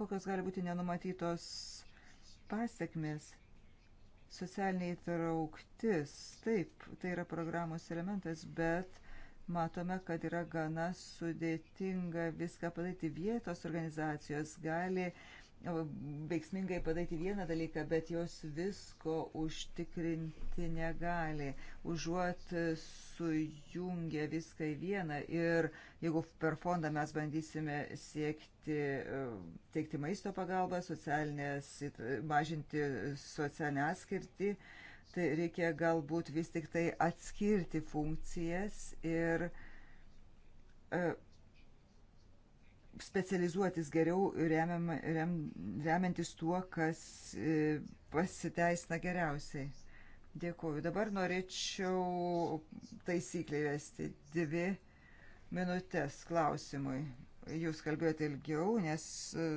kokios gali būti nenumatytos pasiekmes. Socialinė įtrauktis, taip, tai yra programos elementas, bet matome, kad yra gana sudėtinga viską padaryti. Vietos organizacijos gali uh, veiksmingai padaryti vieną dalyką, bet jos visko užtikrinti negali. Užuot sujungę viską į vieną ir jeigu per fondą mes bandysime siekti, teikti maisto pagalbą, socialinės, mažinti socialinę atskirtį, tai reikia galbūt vis tik tai atskirti funkcijas ir e, specializuotis geriau, remiam, rem, remiantis tuo, kas e, pasiteisina geriausiai. Dėkuoju. Dabar norėčiau taisyklę įvesti dvi minutės klausimui. Jūs kalbėjote ilgiau, nes e,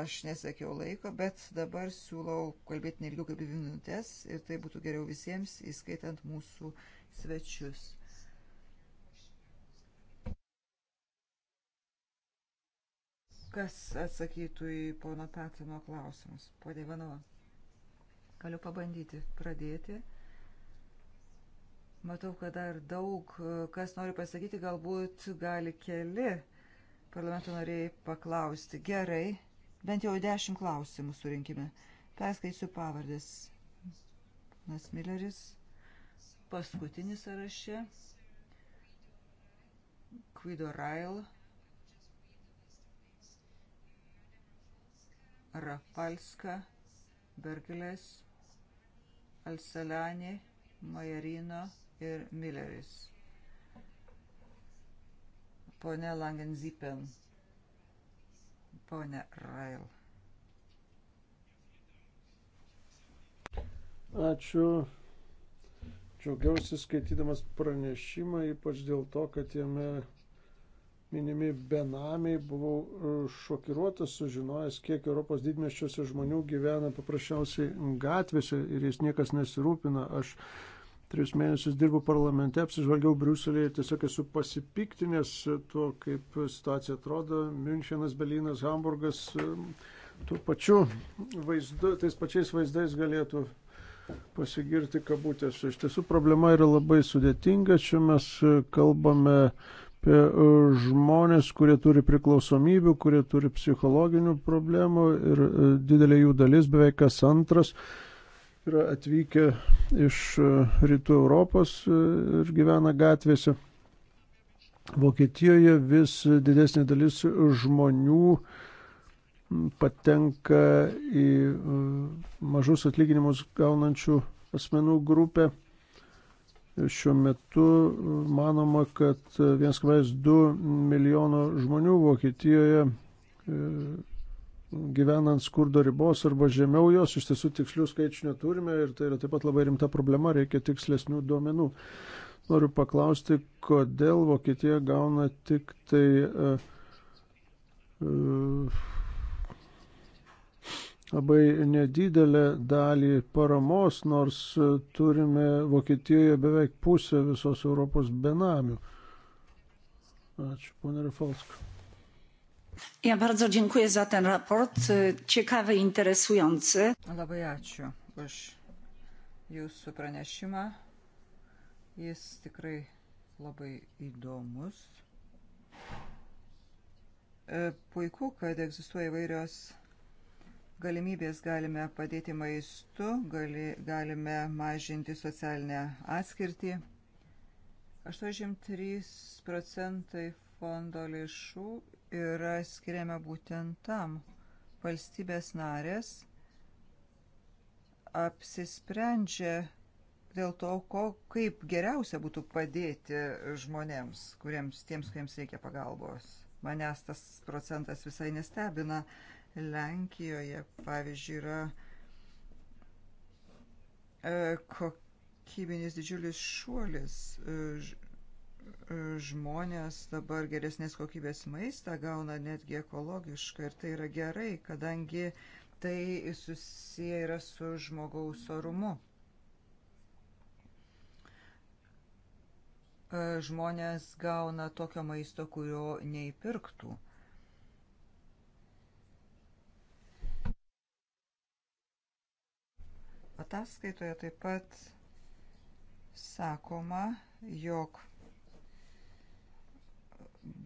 aš nesakiau laiko, bet dabar siūlau kalbėti ne ilgiau kaip dvi minutės ir tai būtų geriau visiems, įskaitant mūsų svečius. Kas atsakytų į pono Tatino klausimus? Pone Ivanova, galiu pabandyti pradėti. Matau, kad dar daug e, kas nori pasakyti, galbūt gali keli parlamento nariai paklausti. Gerai, bent jau dešimt klausimų surinkime. Perskaisiu pavardės. Nas Milleris, paskutinis sąraše. Kvido Rail. Rafalska, Bergelės, Alsalani, Majarino ir Milleris. Pone Langenzipen. Pone Rail. Ačiū. Džiaugiausi skaitydamas pranešimą, ypač dėl to, kad jame minimi benamiai, buvau e, šokiruotas sužinojęs, kiek Europos didmeščiuose žmonių gyvena paprasčiausiai gatvėse ir jais niekas nesirūpina. Aš tris mėnesius dirbu parlamente, apsižvalgiau Briuselėje ir tiesiog esu pasipiktinęs tuo, kaip situacija atrodo. Münchenas, Berlynas, Hamburgas, e, tuo pačiu vaizdu, tais pačiais vaizdais galėtų pasigirti kabutėse. Iš tiesų problema yra labai sudėtinga. Čia mes kalbame apie e, žmonės, kurie turi priklausomybių, kurie turi psichologinių problemų ir e, didelė jų dalis, beveik kas antras, yra atvykę iš e, rytų Europos ir gyvena gatvėse. Vokietijoje vis didesnė dalis žmonių patenka į mažus atlyginimus gaunančių asmenų grupę Šiuo metu e, manoma, kad 1,2 e, milijono žmonių Vokietijoje e, gyvenant skurdo ribos arba žemiau jos, iš tiesų tikslių skaičių neturime ir tai yra taip pat labai rimta problema, reikia tikslesnių duomenų. Noriu paklausti, kodėl Vokietija gauna tik tai uh, uh, labai nedidelę dalį paramos, nors turime Vokietijoje beveik pusę visos Europos benamių. Ačiū, ponė Rafalska. Ja bardzo dziękuję za ten raport. Ciekawy, interesujący. Labai ačiū už jūsų pranešimą. Jis tikrai labai įdomus. E, puiku, kad egzistuoja įvairios galimybės galime padėti maistu, gali, galime mažinti socialinę atskirtį. 83 procentai fondo lėšų yra skiriama būtent tam. Valstybės narės apsisprendžia dėl to, ko, kaip geriausia būtų padėti žmonėms, kuriems, tiems, kuriems reikia pagalbos. Manęs tas procentas visai nestebina, Lenkijoje, pavyzdžiui, yra e, kokybinis didžiulis šuolis. E, e, žmonės dabar geresnės kokybės maistą gauna netgi ekologišką ir tai yra gerai, kadangi tai susiję yra su žmogaus orumu. Žmonės gauna tokio maisto, kurio neįpirktų. Ataskaitoje taip pat sakoma, jog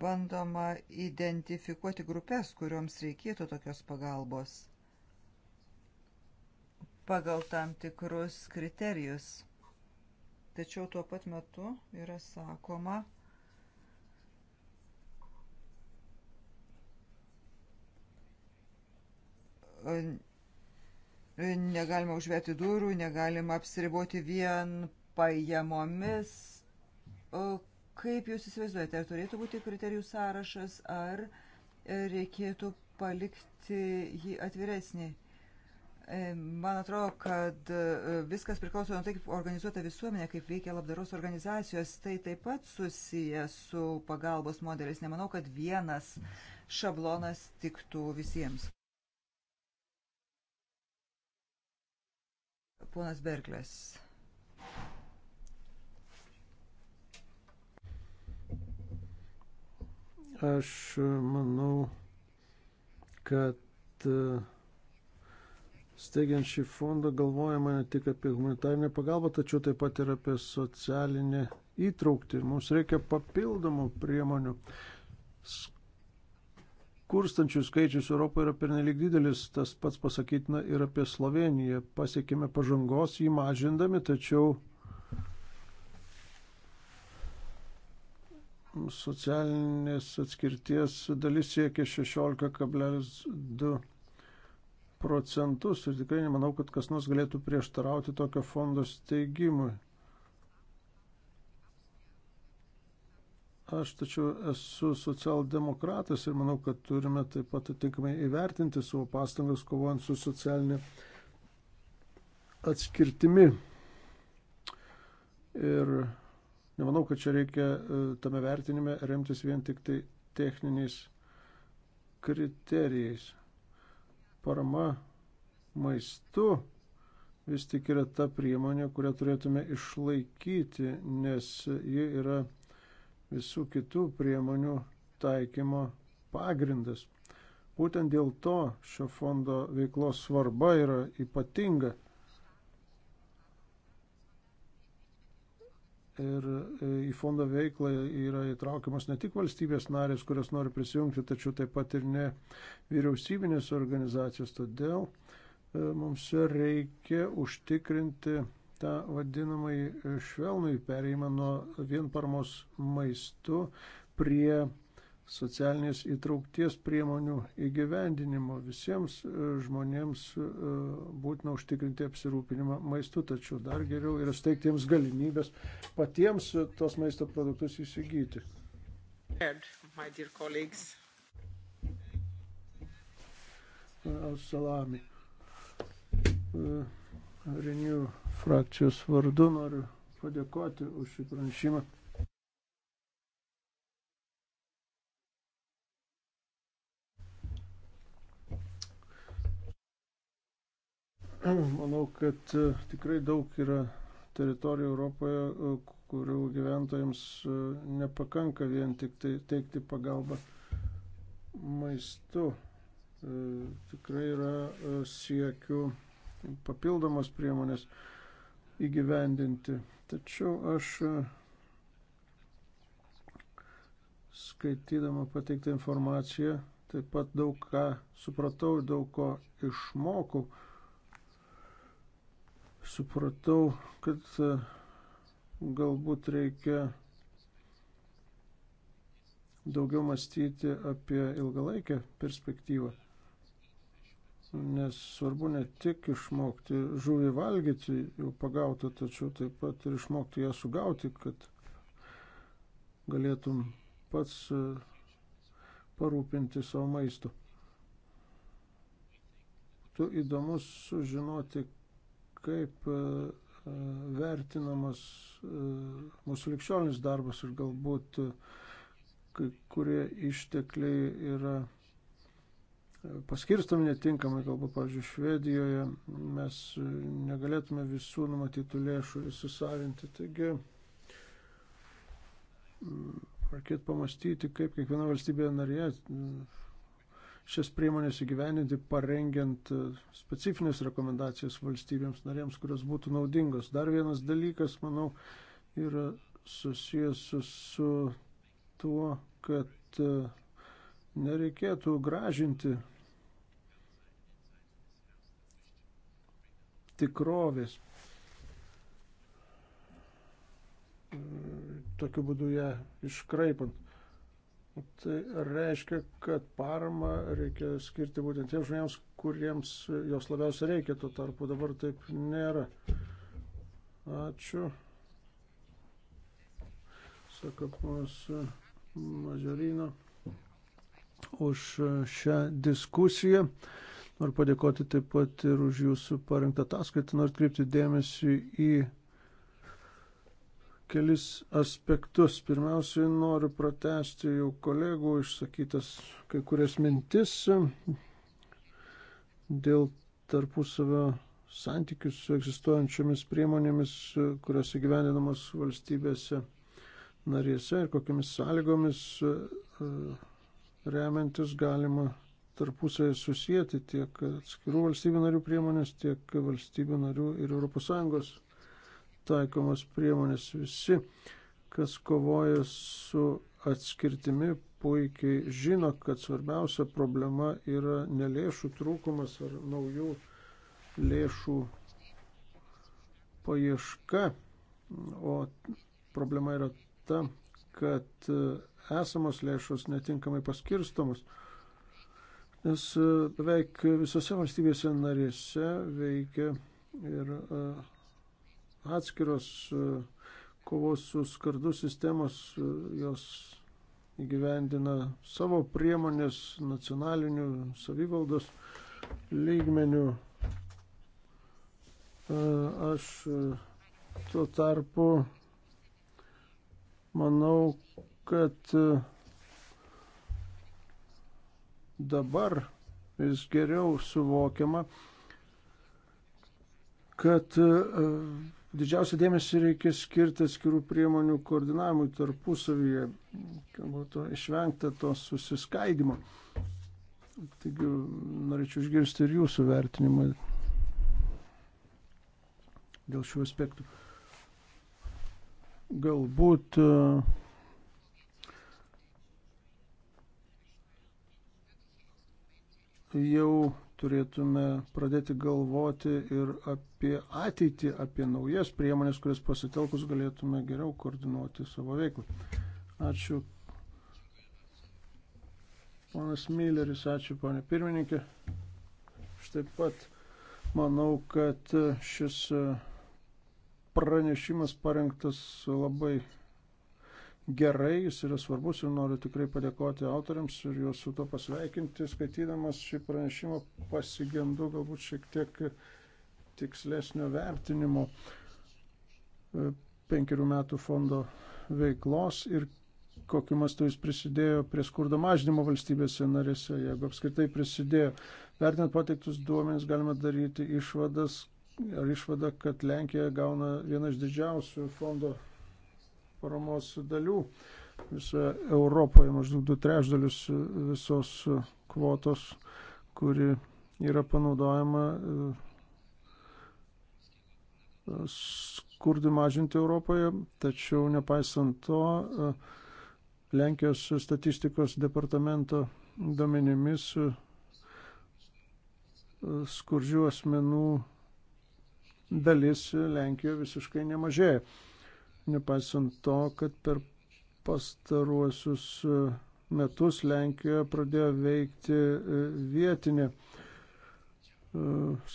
bandoma identifikuoti grupės, kurioms reikėtų tokios pagalbos pagal tam tikrus kriterijus. Tačiau tuo pat metu yra sakoma, negalima užverti durų, negalima apsiriboti vien pajamomis. Kaip Jūs įsivaizduojate, ar turėtų būti kriterijų sąrašas, ar reikėtų palikti jį atviresnį? E, man atrodo, kad e, viskas priklauso nuo tai, kaip organizuota visuomenė, kaip veikia labdaros organizacijos. Tai taip pat susiję su pagalbos modeliais. Nemanau, kad vienas šablonas tiktų visiems. Ponas Berklės. Aš manau, kad e, steigiant šį fondą galvojama ne tik apie humanitarinę pagalbą, tačiau taip pat ir apie socialinę įtraukti. Mums reikia papildomų priemonių skurstančių skaičius Europoje yra pernelyg didelis, tas pats pasakytina ir apie Sloveniją. Pasiekime pažangos jį mažindami, tačiau socialinės atskirties dalis siekia 16,2 procentus ir tikrai nemanau, kad kas nors galėtų prieštarauti tokio fondo steigimui. Aš tačiau esu socialdemokratas ir manau, kad turime taip pat atitinkamai įvertinti savo pastangas kovojant su socialinė atskirtimi. Ir nemanau, kad čia reikia e, tame vertinime remtis vien tik tai techniniais kriterijais. Parama maistu vis tik yra ta priemonė, kurią turėtume išlaikyti, nes ji yra visų kitų priemonių taikymo pagrindas. Būtent dėl to šio fondo veiklos svarba yra ypatinga. Ir e, į fondo veiklą yra įtraukiamas ne tik valstybės narės, kurios nori prisijungti, tačiau taip pat ir ne vyriausybinės organizacijos. Todėl e, mums reikia užtikrinti tą vadinamąjį e, švelnųjį perėjimą nuo vien paramos maistu prie socialinės įtraukties priemonių įgyvendinimo. Visiems e, žmonėms e, būtina užtikrinti apsirūpinimą maistu, tačiau dar geriau yra steigti jiems galimybės patiems tos maisto produktus įsigyti. Salami. Renew frakcijos vardu noriu padėkoti už šį pranešimą. Manau, kad e, tikrai daug yra teritorijų Europoje, e, kurių gyventojams e, nepakanka vien tik tai teikti pagalbą maistu. Tikrai yra siekių papildomos priemonės įgyvendinti. Tačiau aš e, skaitydama pateiktą informaciją taip pat daug ką supratau, daug ko išmokau. Supratau, kad e, galbūt reikia daugiau mąstyti apie ilgalaikę perspektyvą nes svarbu ne tik išmokti žuvį valgyti, jau pagautą, tačiau taip pat ir išmokti ją sugauti, kad galėtum pats e, parūpinti savo maistu. Tu įdomus sužinoti, kaip e, e, vertinamas mūsų likščionis darbas ir galbūt kai kurie ištekliai yra paskirstomi netinkamai, galbūt, pavyzdžiui, Švedijoje mes negalėtume visų numatytų lėšų įsisavinti. Taigi, reikėtų pamastyti, kaip kiekviena valstybė narė šias priemonės įgyveninti, parengiant specifines rekomendacijas valstybėms narėms, kurios būtų naudingos. Dar vienas dalykas, manau, yra susijęs su, su tuo, kad nereikėtų gražinti tikrovės. Tokiu būdu ją iškraipant. Tai reiškia, kad paramą reikia skirti būtent tiems žmonėms, kuriems jos labiausiai reikia, tuo tarpu dabar taip nėra. Ačiū. Sako ponas Mažarino už šią diskusiją. Noriu padėkoti taip pat ir už jūsų parengtą ataskaitą. Noriu kreipti dėmesį į kelis aspektus. Pirmiausiai noriu pratesti jau kolegų išsakytas kai kurias mintis dėl tarpusavio santykių su egzistuojančiomis priemonėmis, kurios įgyvendinamos valstybėse narėse ir kokiamis sąlygomis e, remiantis galima tarpusai susijęti tiek atskirų valstybių narių priemonės, tiek valstybių narių ir ES taikomos priemonės. Visi, kas kovoja su atskirtimi, puikiai žino, kad svarbiausia problema yra ne lėšų trūkumas ar naujų lėšų paieška, o problema yra ta, kad esamos lėšos netinkamai paskirstamos. Nes e, beveik visose valstybėse narėse veikia ir e, atskiros e, kovos su skardu sistemos, jos įgyvendina savo priemonės nacionalinių savivaldos lygmenių. Aš tuo tarpu manau, kad dabar vis geriau suvokiama, kad e, didžiausia dėmesį reikia skirti atskirų priemonių koordinavimui tarpusavyje, kad būtų išvengta to susiskaidimo. Taigi norėčiau išgirsti ir jūsų vertinimą dėl šių aspektų. Galbūt uh, jau turėtume pradėti galvoti ir apie ateitį, apie naujas priemonės, kurias pasitelkus galėtume geriau koordinuoti savo veiklą. Ačiū. Ponas Milleris, ačiū, ponė pirmininkė. Štai pat manau, kad šis pranešimas parengtas labai gerai, jis yra svarbus ir noriu tikrai padėkoti autoriams ir juos su to pasveikinti. Skaitydamas šį pranešimą pasigendu galbūt šiek tiek tikslesnio vertinimo e, penkerių metų fondo veiklos ir kokiu mastu jis prisidėjo prie skurdo mažinimo valstybėse narėse, jeigu apskritai prisidėjo. Vertinant pateiktus duomenys galima daryti išvadas ar išvadą, kad Lenkija gauna vieną iš didžiausių fondo paramos dalių visoje Europoje, maždaug du trešdalius visos kvotos, kuri yra panaudojama e, skurdį mažinti Europoje, tačiau nepaisant to, e, Lenkijos statistikos departamento domenimis e, skurdžių asmenų dalis Lenkijoje visiškai nemažėja nepaisant to, kad per pastaruosius e, metus Lenkijoje pradėjo veikti e, vietinė e,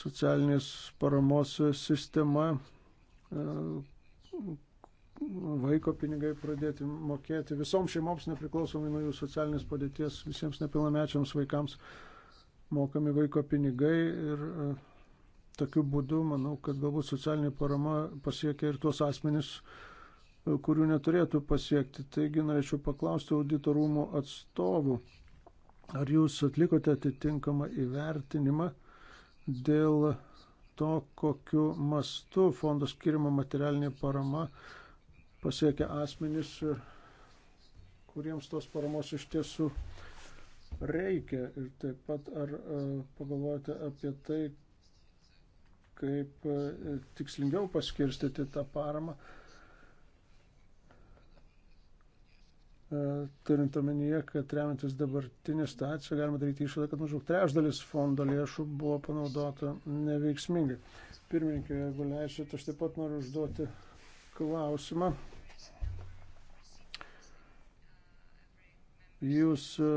socialinės paramos sistema, vaiko pinigai pradėti mokėti visoms šeimoms, nepriklausomai nuo jų socialinės padėties, visiems nepilnamečiams vaikams mokami vaiko pinigai ir tokiu būdu manau, kad galbūt socialinė parama pasiekia ir tuos asmenis, kurių neturėtų pasiekti. Taigi norėčiau paklausti auditorumo atstovų, ar jūs atlikote atitinkamą įvertinimą dėl to, kokiu mastu fondo skirimo materialinė parama pasiekia asmenys, kuriems tos paramos iš tiesų reikia. Ir taip pat ar e, pagalvojate apie tai, kaip e, tikslingiau paskirstyti tą paramą E, turint omenyje, kad remiantis dabartinė situacija, galima daryti išvadą, kad maždaug trečdalis fondo lėšų buvo panaudota neveiksmingai. Pirmininkai, jeigu leisite, aš taip pat noriu užduoti klausimą. Jūs e,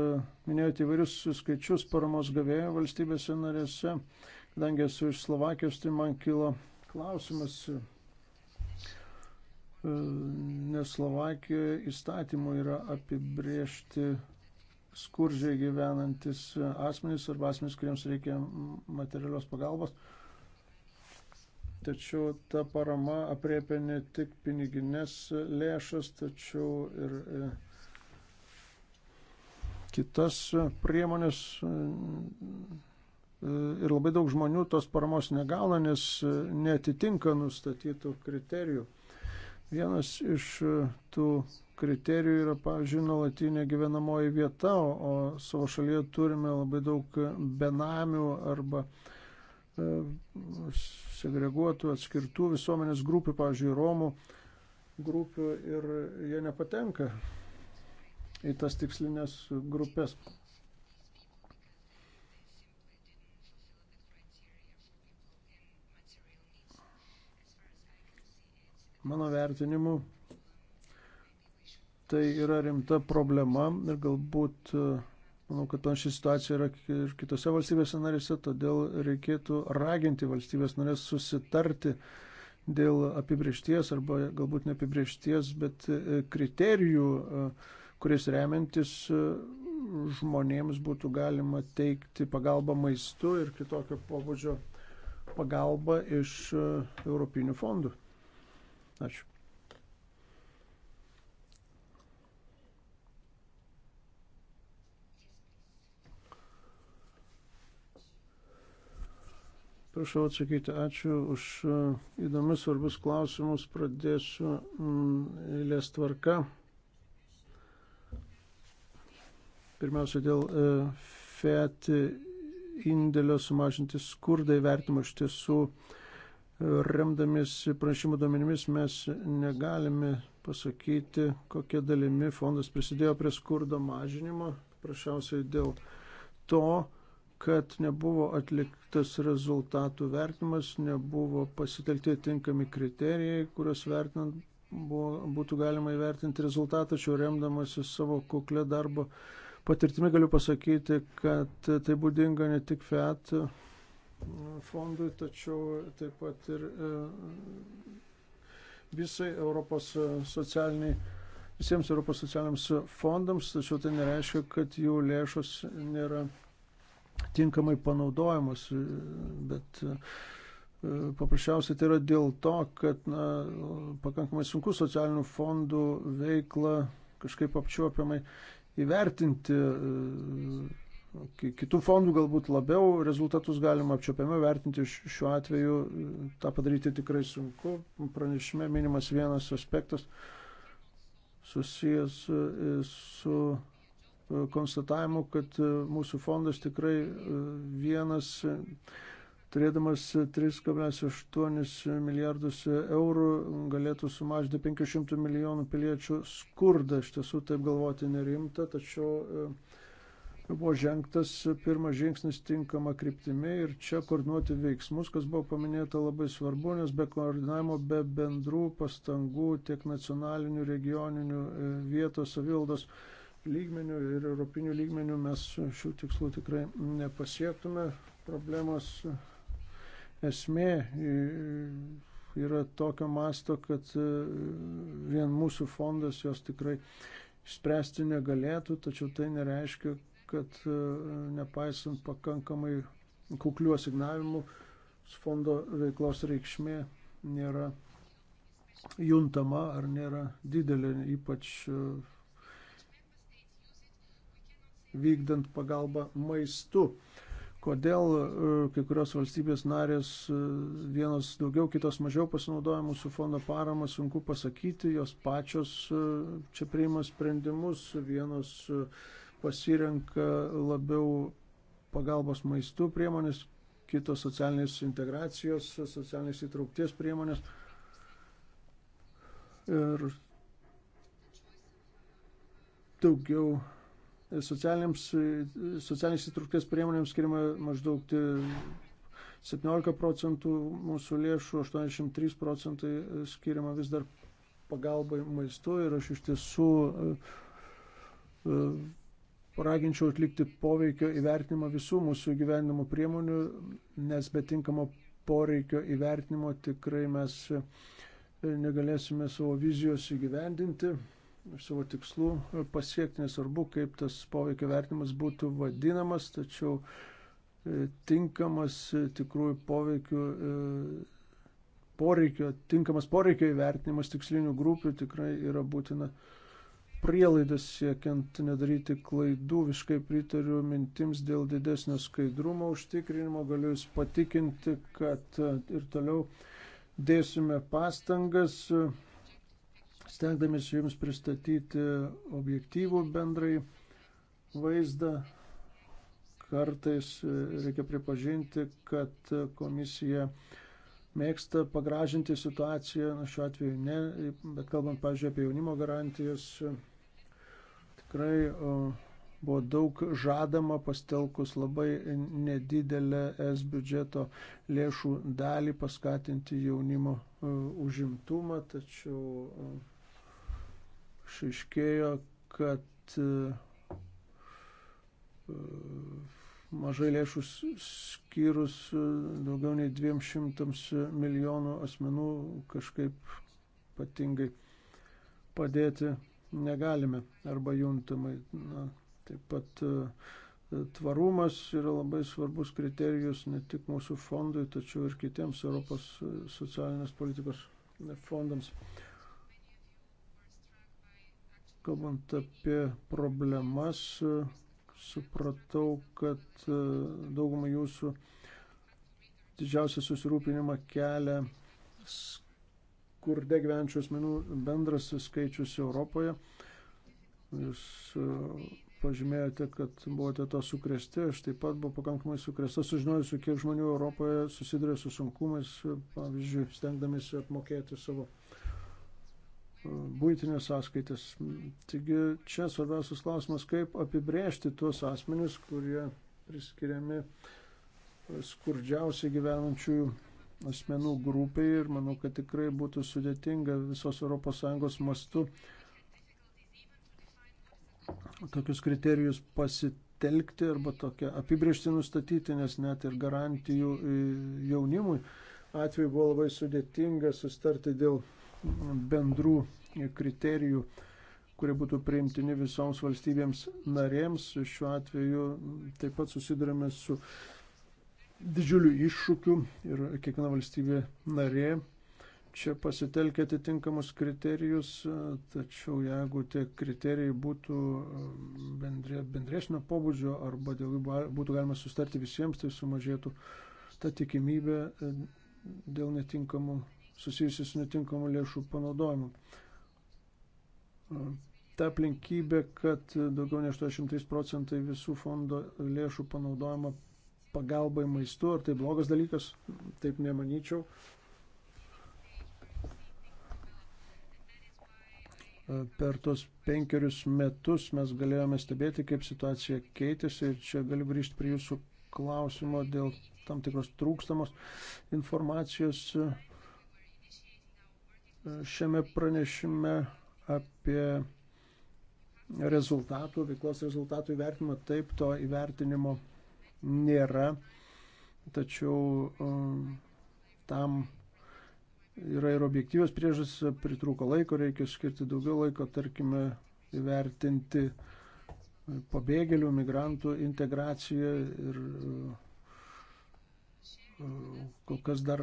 minėjote įvairius skaičius paramos gavėjų valstybėse narėse. Kadangi esu iš Slovakijos, tai man kilo klausimas, E, nes Slovakijoje įstatymų yra apibriežti skurdžiai gyvenantis asmenys arba asmenys, kuriems reikia materialios pagalbos. Tačiau ta parama apriepia ne tik piniginės lėšas, tačiau ir e, kitas priemonės. E, ir labai daug žmonių tos paramos negauna, nes netitinka nustatytų kriterijų. Vienas iš e, tų kriterijų yra, pavyzdžiui, nuolatinė gyvenamoji vieta, o savo šalyje turime labai daug benamių arba e, segreguotų, atskirtų visuomenės grupių, pavyzdžiui, Romų grupių ir jie nepatenka į tas tikslinės grupės. Mano vertinimu, tai yra rimta problema ir galbūt, e, manau, kad panaši situacija yra ir kitose valstybėse narėse, todėl reikėtų raginti valstybės narės susitarti dėl apibriešties arba galbūt neapibriešties, bet e, kriterijų, e, kuris remiantis žmonėms būtų galima teikti pagalbą maistu ir kitokio pobūdžio pagalbą iš europinių fondų. Ačiū. Prašau atsakyti, ačiū už e, įdomius svarbus klausimus. Pradėsiu mm, eilės tvarka. Pirmiausia, dėl e, FET indėlio sumažinti skurdą įvertimo iš tiesų remdamiesi pranešimų duomenimis mes negalime pasakyti, kokie dalimi fondas prisidėjo prie skurdo mažinimo, prašiausiai dėl to, kad nebuvo atliktas rezultatų vertinimas, nebuvo pasitelkti tinkami kriterijai, kuriuos vertinant buvo, būtų galima įvertinti rezultatą, tačiau remdamasi savo kuklę darbo patirtimi galiu pasakyti, kad tai būdinga ne tik FEAT fondui, tačiau taip pat ir e, visai Europos socialiniai, visiems Europos socialiniams fondams, tačiau tai nereiškia, kad jų lėšos nėra tinkamai panaudojamos, e, bet e, paprasčiausiai tai yra dėl to, kad na, pakankamai sunku socialinių fondų veiklą kažkaip apčiuopiamai įvertinti. E, kitų fondų galbūt labiau rezultatus galima apčiopiamiau vertinti. Šiuo atveju e, tą padaryti tikrai sunku. Pranešime minimas vienas aspektas susijęs e, su e, konstatavimu, kad mūsų fondas tikrai vienas, turėdamas 3,8 milijardus eurų, galėtų sumažinti 500 milijonų piliečių skurdą. Iš tiesų taip galvoti nerimta, tačiau uh, buvo žengtas pirmas žingsnis tinkama kryptimi ir čia koordinuoti veiksmus, kas buvo paminėta labai svarbu, nes be koordinavimo, be bendrų pastangų tiek nacionalinių, regioninių, e, vietos savildos lygmenių ir europinių lygmenių mes šių tikslų tikrai nepasiektume. Problemos e, esmė e, yra tokio masto, kad vien mūsų fondas jos tikrai spręsti negalėtų, tačiau tai nereiškia, kad e, nepaisant pakankamai kuklių asignavimų, fondo veiklos reikšmė nėra juntama ar nėra didelė, ypač e, vykdant pagalbą maistu. Kodėl e, kai kurios valstybės narės vienos daugiau, kitos mažiau pasinaudoja mūsų fondo paramą, sunku pasakyti, jos pačios čia priima sprendimus, vienos uh, pasirenka labiau pagalbos maistų priemonės, kitos socialinės integracijos, socialinės įtraukties priemonės. Ir daugiau socialinės įtraukties priemonėms skiriama maždaug 17 procentų mūsų lėšų, 83 procentai skiriama vis dar pagalbai maistu ir aš iš tiesų paraginčiau atlikti poveikio įvertinimą visų mūsų gyvenimo priemonių, nes be tinkamo poreikio įvertinimo tikrai mes e, negalėsime savo vizijos įgyvendinti, savo tikslų e, pasiekti, nesvarbu, kaip tas poveikio vertinimas būtų vadinamas, tačiau e, tinkamas tikrųjų poveikių, poreikio, tinkamas poreikio įvertinimas tikslinių grupių tikrai yra būtina prielaidas siekiant nedaryti klaidų. Viškai pritariu mintims dėl didesnio skaidrumo užtikrinimo. Galiu Jūs patikinti, kad e, ir toliau dėsime pastangas, e, stengdamėsi Jums pristatyti objektyvų bendrai vaizdą. Kartais e, reikia pripažinti, kad komisija mėgsta pagražinti situaciją, nu, šiuo atveju ne, bet kalbant, pažiūrėjau, apie jaunimo garantijas, tikrai o, buvo daug žadama pastelkus labai nedidelę S biudžeto lėšų dalį paskatinti jaunimo o, užimtumą, tačiau išaiškėjo, kad o, mažai lėšų skyrus e, daugiau nei 200 milijonų asmenų kažkaip patingai padėti negalime arba juntamai. Na, taip pat e, e, tvarumas yra labai svarbus kriterijus ne tik mūsų fondui, tačiau ir kitiems Europos socialinės politikos fondams. Kalbant apie problemas, supratau, kad e, daugumą jūsų didžiausią susirūpinimą kelia skurde gyvenčių asmenų bendras skaičius Europoje. Jūs e, pažymėjote, kad buvote to sukresti, aš taip pat buvau pakankamai sukresta, sužinojusiu, kiek žmonių Europoje susiduria su sunkumais, e, pavyzdžiui, stengdamėsi apmokėti savo būtinės sąskaitas. Taigi čia svarbiausias klausimas, kaip apibrėžti tuos asmenis, kurie priskiriami skurdžiausiai gyvenančiųjų asmenų grupiai ir manau, kad tikrai būtų sudėtinga visos ES mastu tokius kriterijus pasitelkti arba tokią apibriežtį nustatyti, nes net ir garantijų e, jaunimui atveju buvo labai sudėtinga sustarti dėl bendrų kriterijų, kurie būtų priimtini visoms valstybėms narėms. Šiuo atveju taip pat susidurime su didžiuliu iššūkiu ir kiekviena valstybė narė čia pasitelkia atitinkamus kriterijus, tačiau jeigu tie kriterijai būtų bendrė, bendresnio pobūdžio arba dėl jų būtų galima sustarti visiems, tai sumažėtų ta tikimybė dėl netinkamų susijusi su netinkamu lėšų panaudojimu. Ta aplinkybė, kad daugiau nei 80 procentai visų fondo lėšų panaudojama pagalbai maistu, ar tai blogas dalykas, taip nemanyčiau. per tos penkerius metus mes galėjome stebėti, kaip situacija keitėsi ir čia galiu grįžti prie jūsų klausimo dėl tam tikros trūkstamos informacijos šiame pranešime apie rezultatų, veiklos rezultatų įvertinimą. Taip, to įvertinimo nėra, tačiau um, tam yra ir objektyvios priežastis, pritrūko laiko, reikia skirti daugiau laiko, tarkime, įvertinti pabėgėlių, migrantų integraciją ir uh, uh, kol kas dar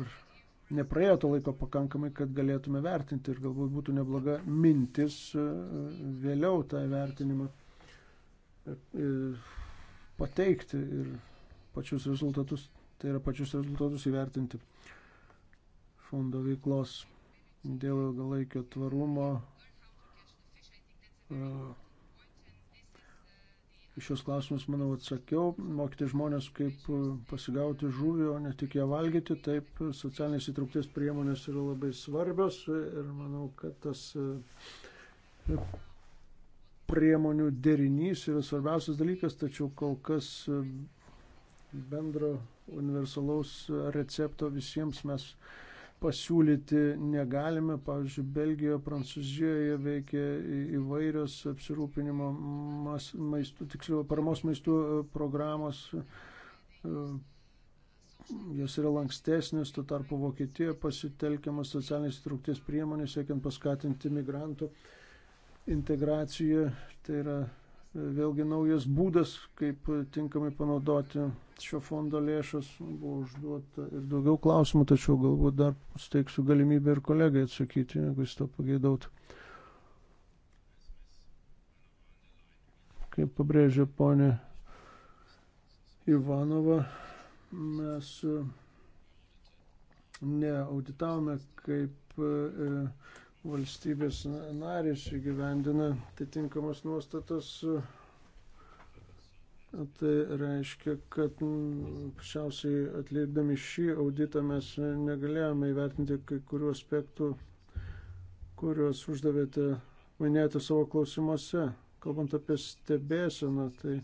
nepraėjo to laiko pakankamai, kad galėtume vertinti ir galbūt būtų nebloga mintis e, vėliau tą vertinimą e, e, pateikti ir pačius rezultatus, tai yra pačius rezultatus įvertinti fondo veiklos dėl ilgalaikio tvarumo šios klausimus, manau, atsakiau. Mokyti žmonės, kaip e, pasigauti žuvį, o ne tik ją valgyti. Taip, socialinės įtraukties priemonės yra labai svarbios ir manau, kad tas e, e, priemonių derinys yra svarbiausias dalykas, tačiau kol kas bendro universalaus recepto visiems mes pasiūlyti negalime. Pavyzdžiui, Belgijoje, Prancūzijoje veikia įvairios apsirūpinimo maistų, tiksliau, paramos maistų e, programos. E, jos yra lankstesnės, tuo tarpu Vokietijoje pasitelkiamas socialinės trukties priemonės, siekiant paskatinti migrantų integraciją. Tai yra vėlgi naujas būdas, kaip tinkamai panaudoti šio fondo lėšas. Buvo užduota ir daugiau klausimų, tačiau galbūt dar steiksiu galimybę ir kolegai atsakyti, jeigu jis to pageidautų. Kaip pabrėžė ponė Ivanova, mes e, neauditavome, kaip e, valstybės narės įgyvendina atitinkamas nuostatas. Tai reiškia, kad pašiausiai atlikdami šį auditą mes negalėjome įvertinti kai kurių aspektų, kuriuos uždavėte minėti savo klausimuose. Kalbant apie stebėseną, tai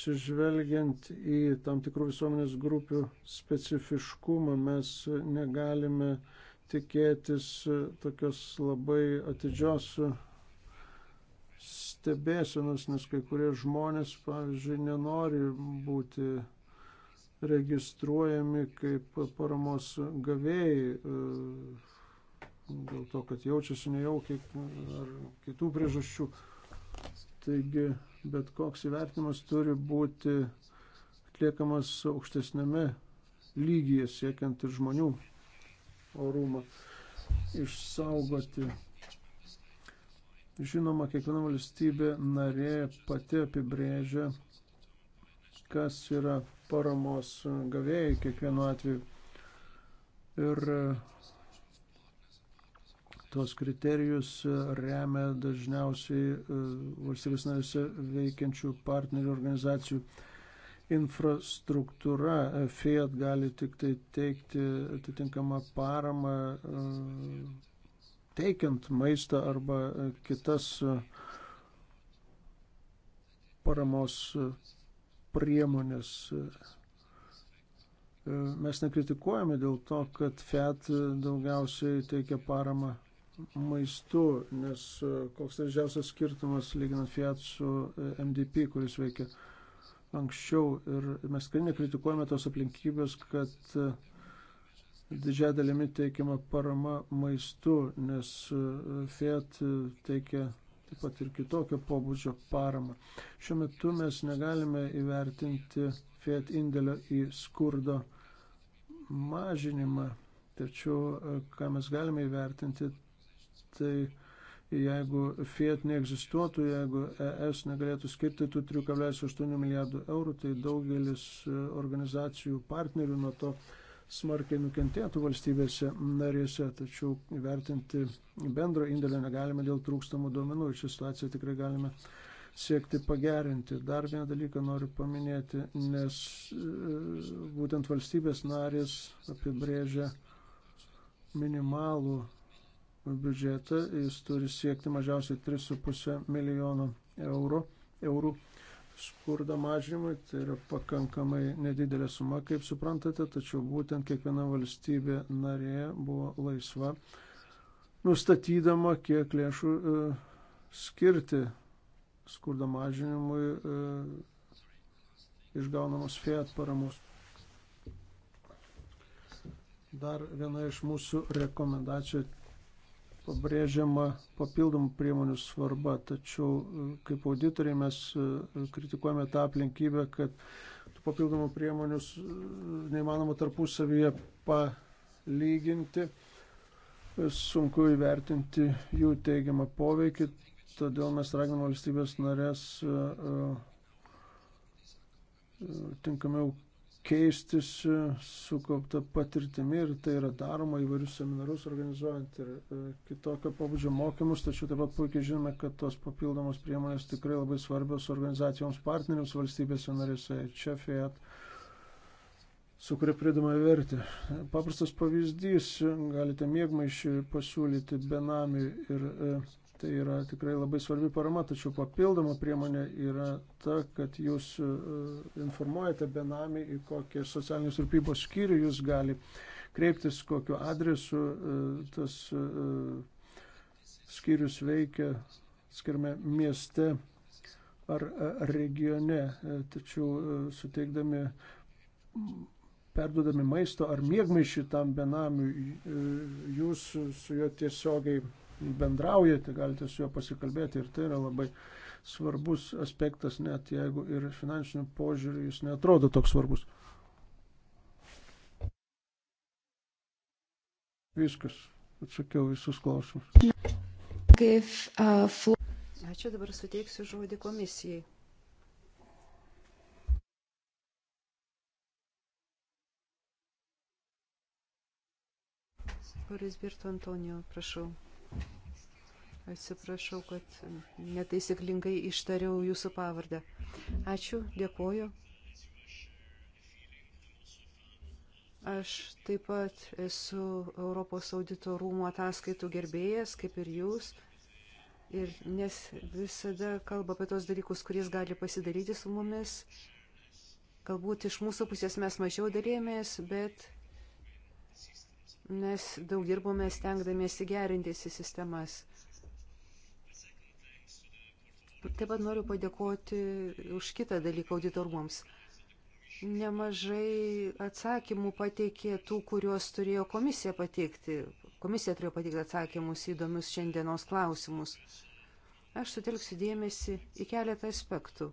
čia žvelgiant į tam tikrų visuomenės grupių specifiškumą, mes negalime uh, tikėtis e, tokios labai atidžios e, stebėsenos, nes kai kurie žmonės, pavyzdžiui, nenori būti registruojami kaip paramos gavėjai e, dėl to, kad jaučiasi nejaukiai ar kitų priežasčių. Taigi, bet koks įvertinimas turi būti atliekamas aukštesnėme lygyje, siekiant ir žmonių orumą išsaugoti. Žinoma, kiekviena valstybė narė pati apibrėžia, kas yra paramos gavėjai kiekvienu atveju. Ir e, tuos kriterijus remia dažniausiai e, valstybės narėse veikiančių partnerių organizacijų infrastruktūra. E, FIAT gali tik tai teikti atitinkamą paramą e, teikiant maistą arba e, kitas paramos priemonės. Mes nekritikuojame dėl to, kad FET daugiausiai teikia paramą maistu, nes koks tai didžiausias skirtumas lyginant FET su MDP, kuris veikia anksčiau ir mes tikrai nekritikuojame tos aplinkybės, kad e, didžiai dalimi teikiama parama maistu, nes e, FIAT e, teikia taip pat ir kitokio pobūdžio paramą. Šiuo metu mes negalime įvertinti FIAT indėlio į skurdo mažinimą, tačiau ką mes galime įvertinti, tai jeigu Fiat neegzistuotų, jeigu ES negalėtų skirti tų 3,8 milijardų eurų, tai daugelis e, organizacijų partnerių nuo to smarkiai nukentėtų valstybėse narėse, tačiau vertinti bendro indėlio negalime dėl trūkstamų duomenų ir šią situaciją tikrai galime siekti pagerinti. Dar vieną dalyką noriu paminėti, nes e, būtent valstybės narės apibrėžia minimalų biudžetą, jis turi siekti mažiausiai 3,5 milijono eurų. eurų skurdo mažinimui, tai yra pakankamai nedidelė suma, kaip suprantate, tačiau būtent kiekviena valstybė narė buvo laisva, nustatydama, kiek lėšų e, skirti skurdo mažinimui e, išgaunamos fiat paramos. Dar viena iš mūsų rekomendacijų pabrėžiama papildomų priemonių svarba, tačiau e, kaip auditoriai mes e, kritikuojame tą aplinkybę, kad tų papildomų priemonių e, neįmanoma tarpusavyje palyginti, sunku įvertinti jų teigiamą poveikį, todėl mes raginame valstybės narės tinkamiau keistis e, sukaupta patirtimi ir tai yra daroma įvairius seminarus organizuojant ir e, kitokio pabudžio mokymus, tačiau taip pat puikiai žinome, kad tos papildomos priemonės tikrai labai svarbios organizacijoms partneriams valstybėse narėse, čia FIAT sukuria pridamą vertę. Paprastas pavyzdys, galite mėgmaišį pasiūlyti benami ir e, Tai yra tikrai labai svarbi parama, tačiau papildoma priemonė yra ta, kad jūs e, informuojate benamį, į kokį socialinės rūpybos skyrių jūs gali kreiptis, kokiu adresu e, tas e, skyrius veikia, skirme, mieste ar regione. Tačiau suteikdami, perdodami maisto ar mėgmaišį tam benamiui, jūs su juo tiesiogiai bendraujate, galite su juo pasikalbėti ir tai yra labai svarbus aspektas, net jeigu ir finansinių požiūrių jis netrodo toks svarbus. Viskas, atsakiau visus klausimus. Uh, Ačiū, dabar suteiksiu žodį komisijai. Boris Birto Antonijo, prašau. Atsiprašau, kad netaisyklingai ištariau jūsų pavardę. Ačiū, dėkoju. Aš taip pat esu Europos audito rūmų ataskaitų gerbėjas, kaip ir jūs. Ir nes visada kalba apie tos dalykus, kuris gali pasidaryti su mumis. Galbūt iš mūsų pusės mes mažiau dalėmės, bet mes daug dirbome stengdamiesi gerinti į sistemas. Taip pat noriu padėkoti už kitą dalyką auditorumams. Nemažai atsakymų pateikė tų, kuriuos turėjo komisija pateikti. Komisija turėjo pateikti atsakymus į įdomius šiandienos klausimus. Aš sutelksiu dėmesį į keletą aspektų,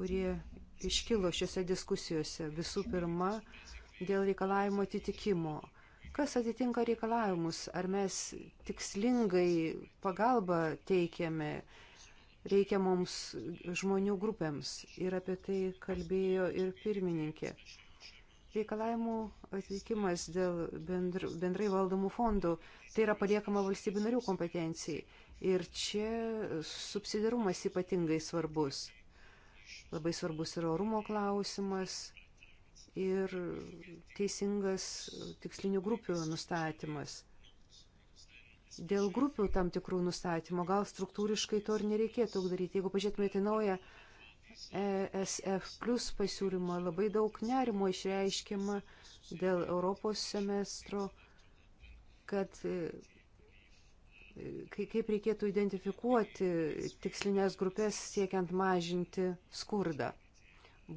kurie iškilo šiuose diskusijose. Visų pirma, dėl reikalavimo atitikimo. Kas atitinka reikalavimus? Ar mes tikslingai pagalbą teikiame reikiamoms žmonių grupėms. Ir apie tai kalbėjo ir pirmininkė. Reikalavimų atvykimas dėl bendr, bendrai valdomų fondų, tai yra paliekama valstybių narių kompetencijai. Ir čia subsidiarumas ypatingai svarbus. Labai svarbus yra orumo klausimas ir teisingas tikslinių grupių nustatymas dėl grupių tam tikrų nustatymo. Gal struktūriškai to ir nereikėtų daryti. Jeigu pažiūrėtumėte naują ESF plus pasiūlymą, labai daug nerimo išreiškiama dėl Europos semestro, kad e, kaip reikėtų identifikuoti tikslinės grupės siekiant mažinti skurdą.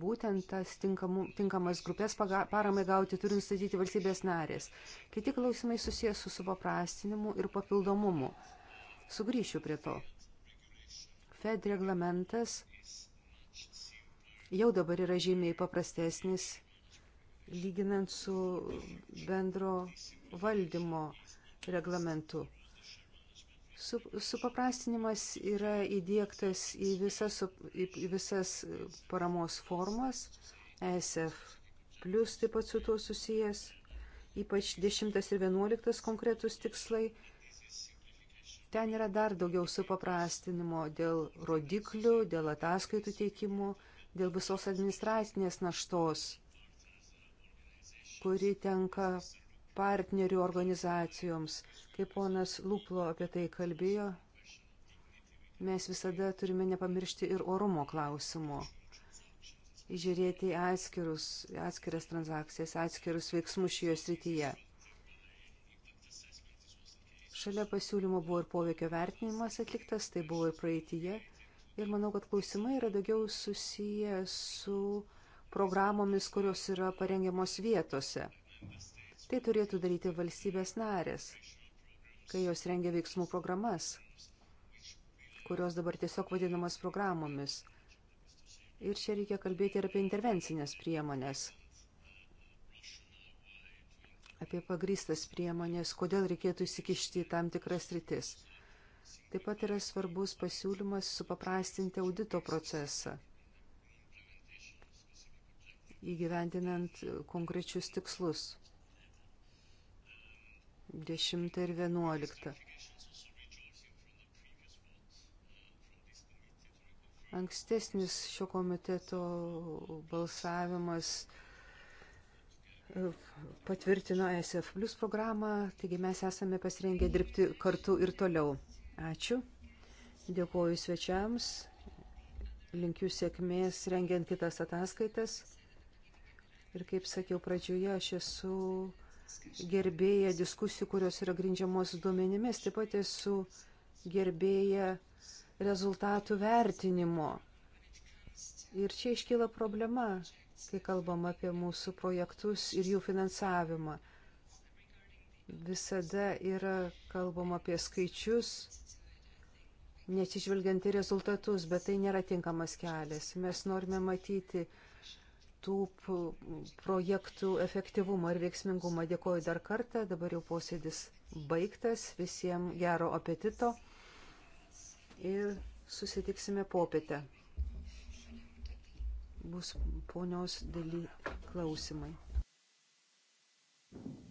Būtent tas tinkamu, tinkamas grupės paramai gauti turi nustatyti valstybės narės. Kiti klausimai susijęs su supaprastinimu ir papildomumu. Sugryšiu prie to. Fed reglamentas jau dabar yra žymiai paprastesnis, lyginant su bendro valdymo reglamentu. Supaprastinimas yra įdėktas į visas, į visas paramos formas, ESF plus taip pat su tuo susijęs, ypač 10 ir 11 konkretus tikslai. Ten yra dar daugiau supaprastinimo dėl rodiklių, dėl ataskaitų teikimų, dėl visos administracinės naštos, kuri tenka partnerių organizacijoms. Kaip ponas Luplo apie tai kalbėjo, mes visada turime nepamiršti ir orumo klausimo. Žiūrėti į atskirus, atskiras transakcijas, atskirus veiksmus šioje srityje. Šalia pasiūlymo buvo ir poveikio vertinimas atliktas, tai buvo ir praeitie. Ir manau, kad klausimai yra daugiau susiję su programomis, kurios yra parengiamos vietose. Tai turėtų daryti valstybės narės, kai jos rengia veiksmų programas, kurios dabar tiesiog vadinamas programomis. Ir čia reikia kalbėti ir apie intervencinės priemonės, apie pagrystas priemonės, kodėl reikėtų įsikišti į tam tikras rytis. Taip pat yra svarbus pasiūlymas supaprastinti audito procesą, įgyvendinant konkrečius tikslus. 10 ir 11. Ankstesnis šio komiteto balsavimas e, patvirtino SF Plus programą, taigi mes esame pasirengę dirbti kartu ir toliau. Ačiū. Dėkuoju svečiams. Linkiu sėkmės rengiant kitas ataskaitas. Ir kaip sakiau pradžioje, aš esu gerbėja diskusijų, kurios yra grindžiamos duomenimis, taip pat esu gerbėja rezultatų vertinimo. Ir čia iškyla problema, kai kalbam apie mūsų projektus ir jų finansavimą. Visada yra kalbam apie skaičius, neatsižvelgiant į rezultatus, bet tai nėra tinkamas kelias. Mes norime matyti tų projektų efektyvumą ir veiksmingumą. Dėkoju dar kartą, dabar jau posėdis baigtas, visiems gero apetito ir susitiksime popietę. Bus ponios daly klausimai. Thank you.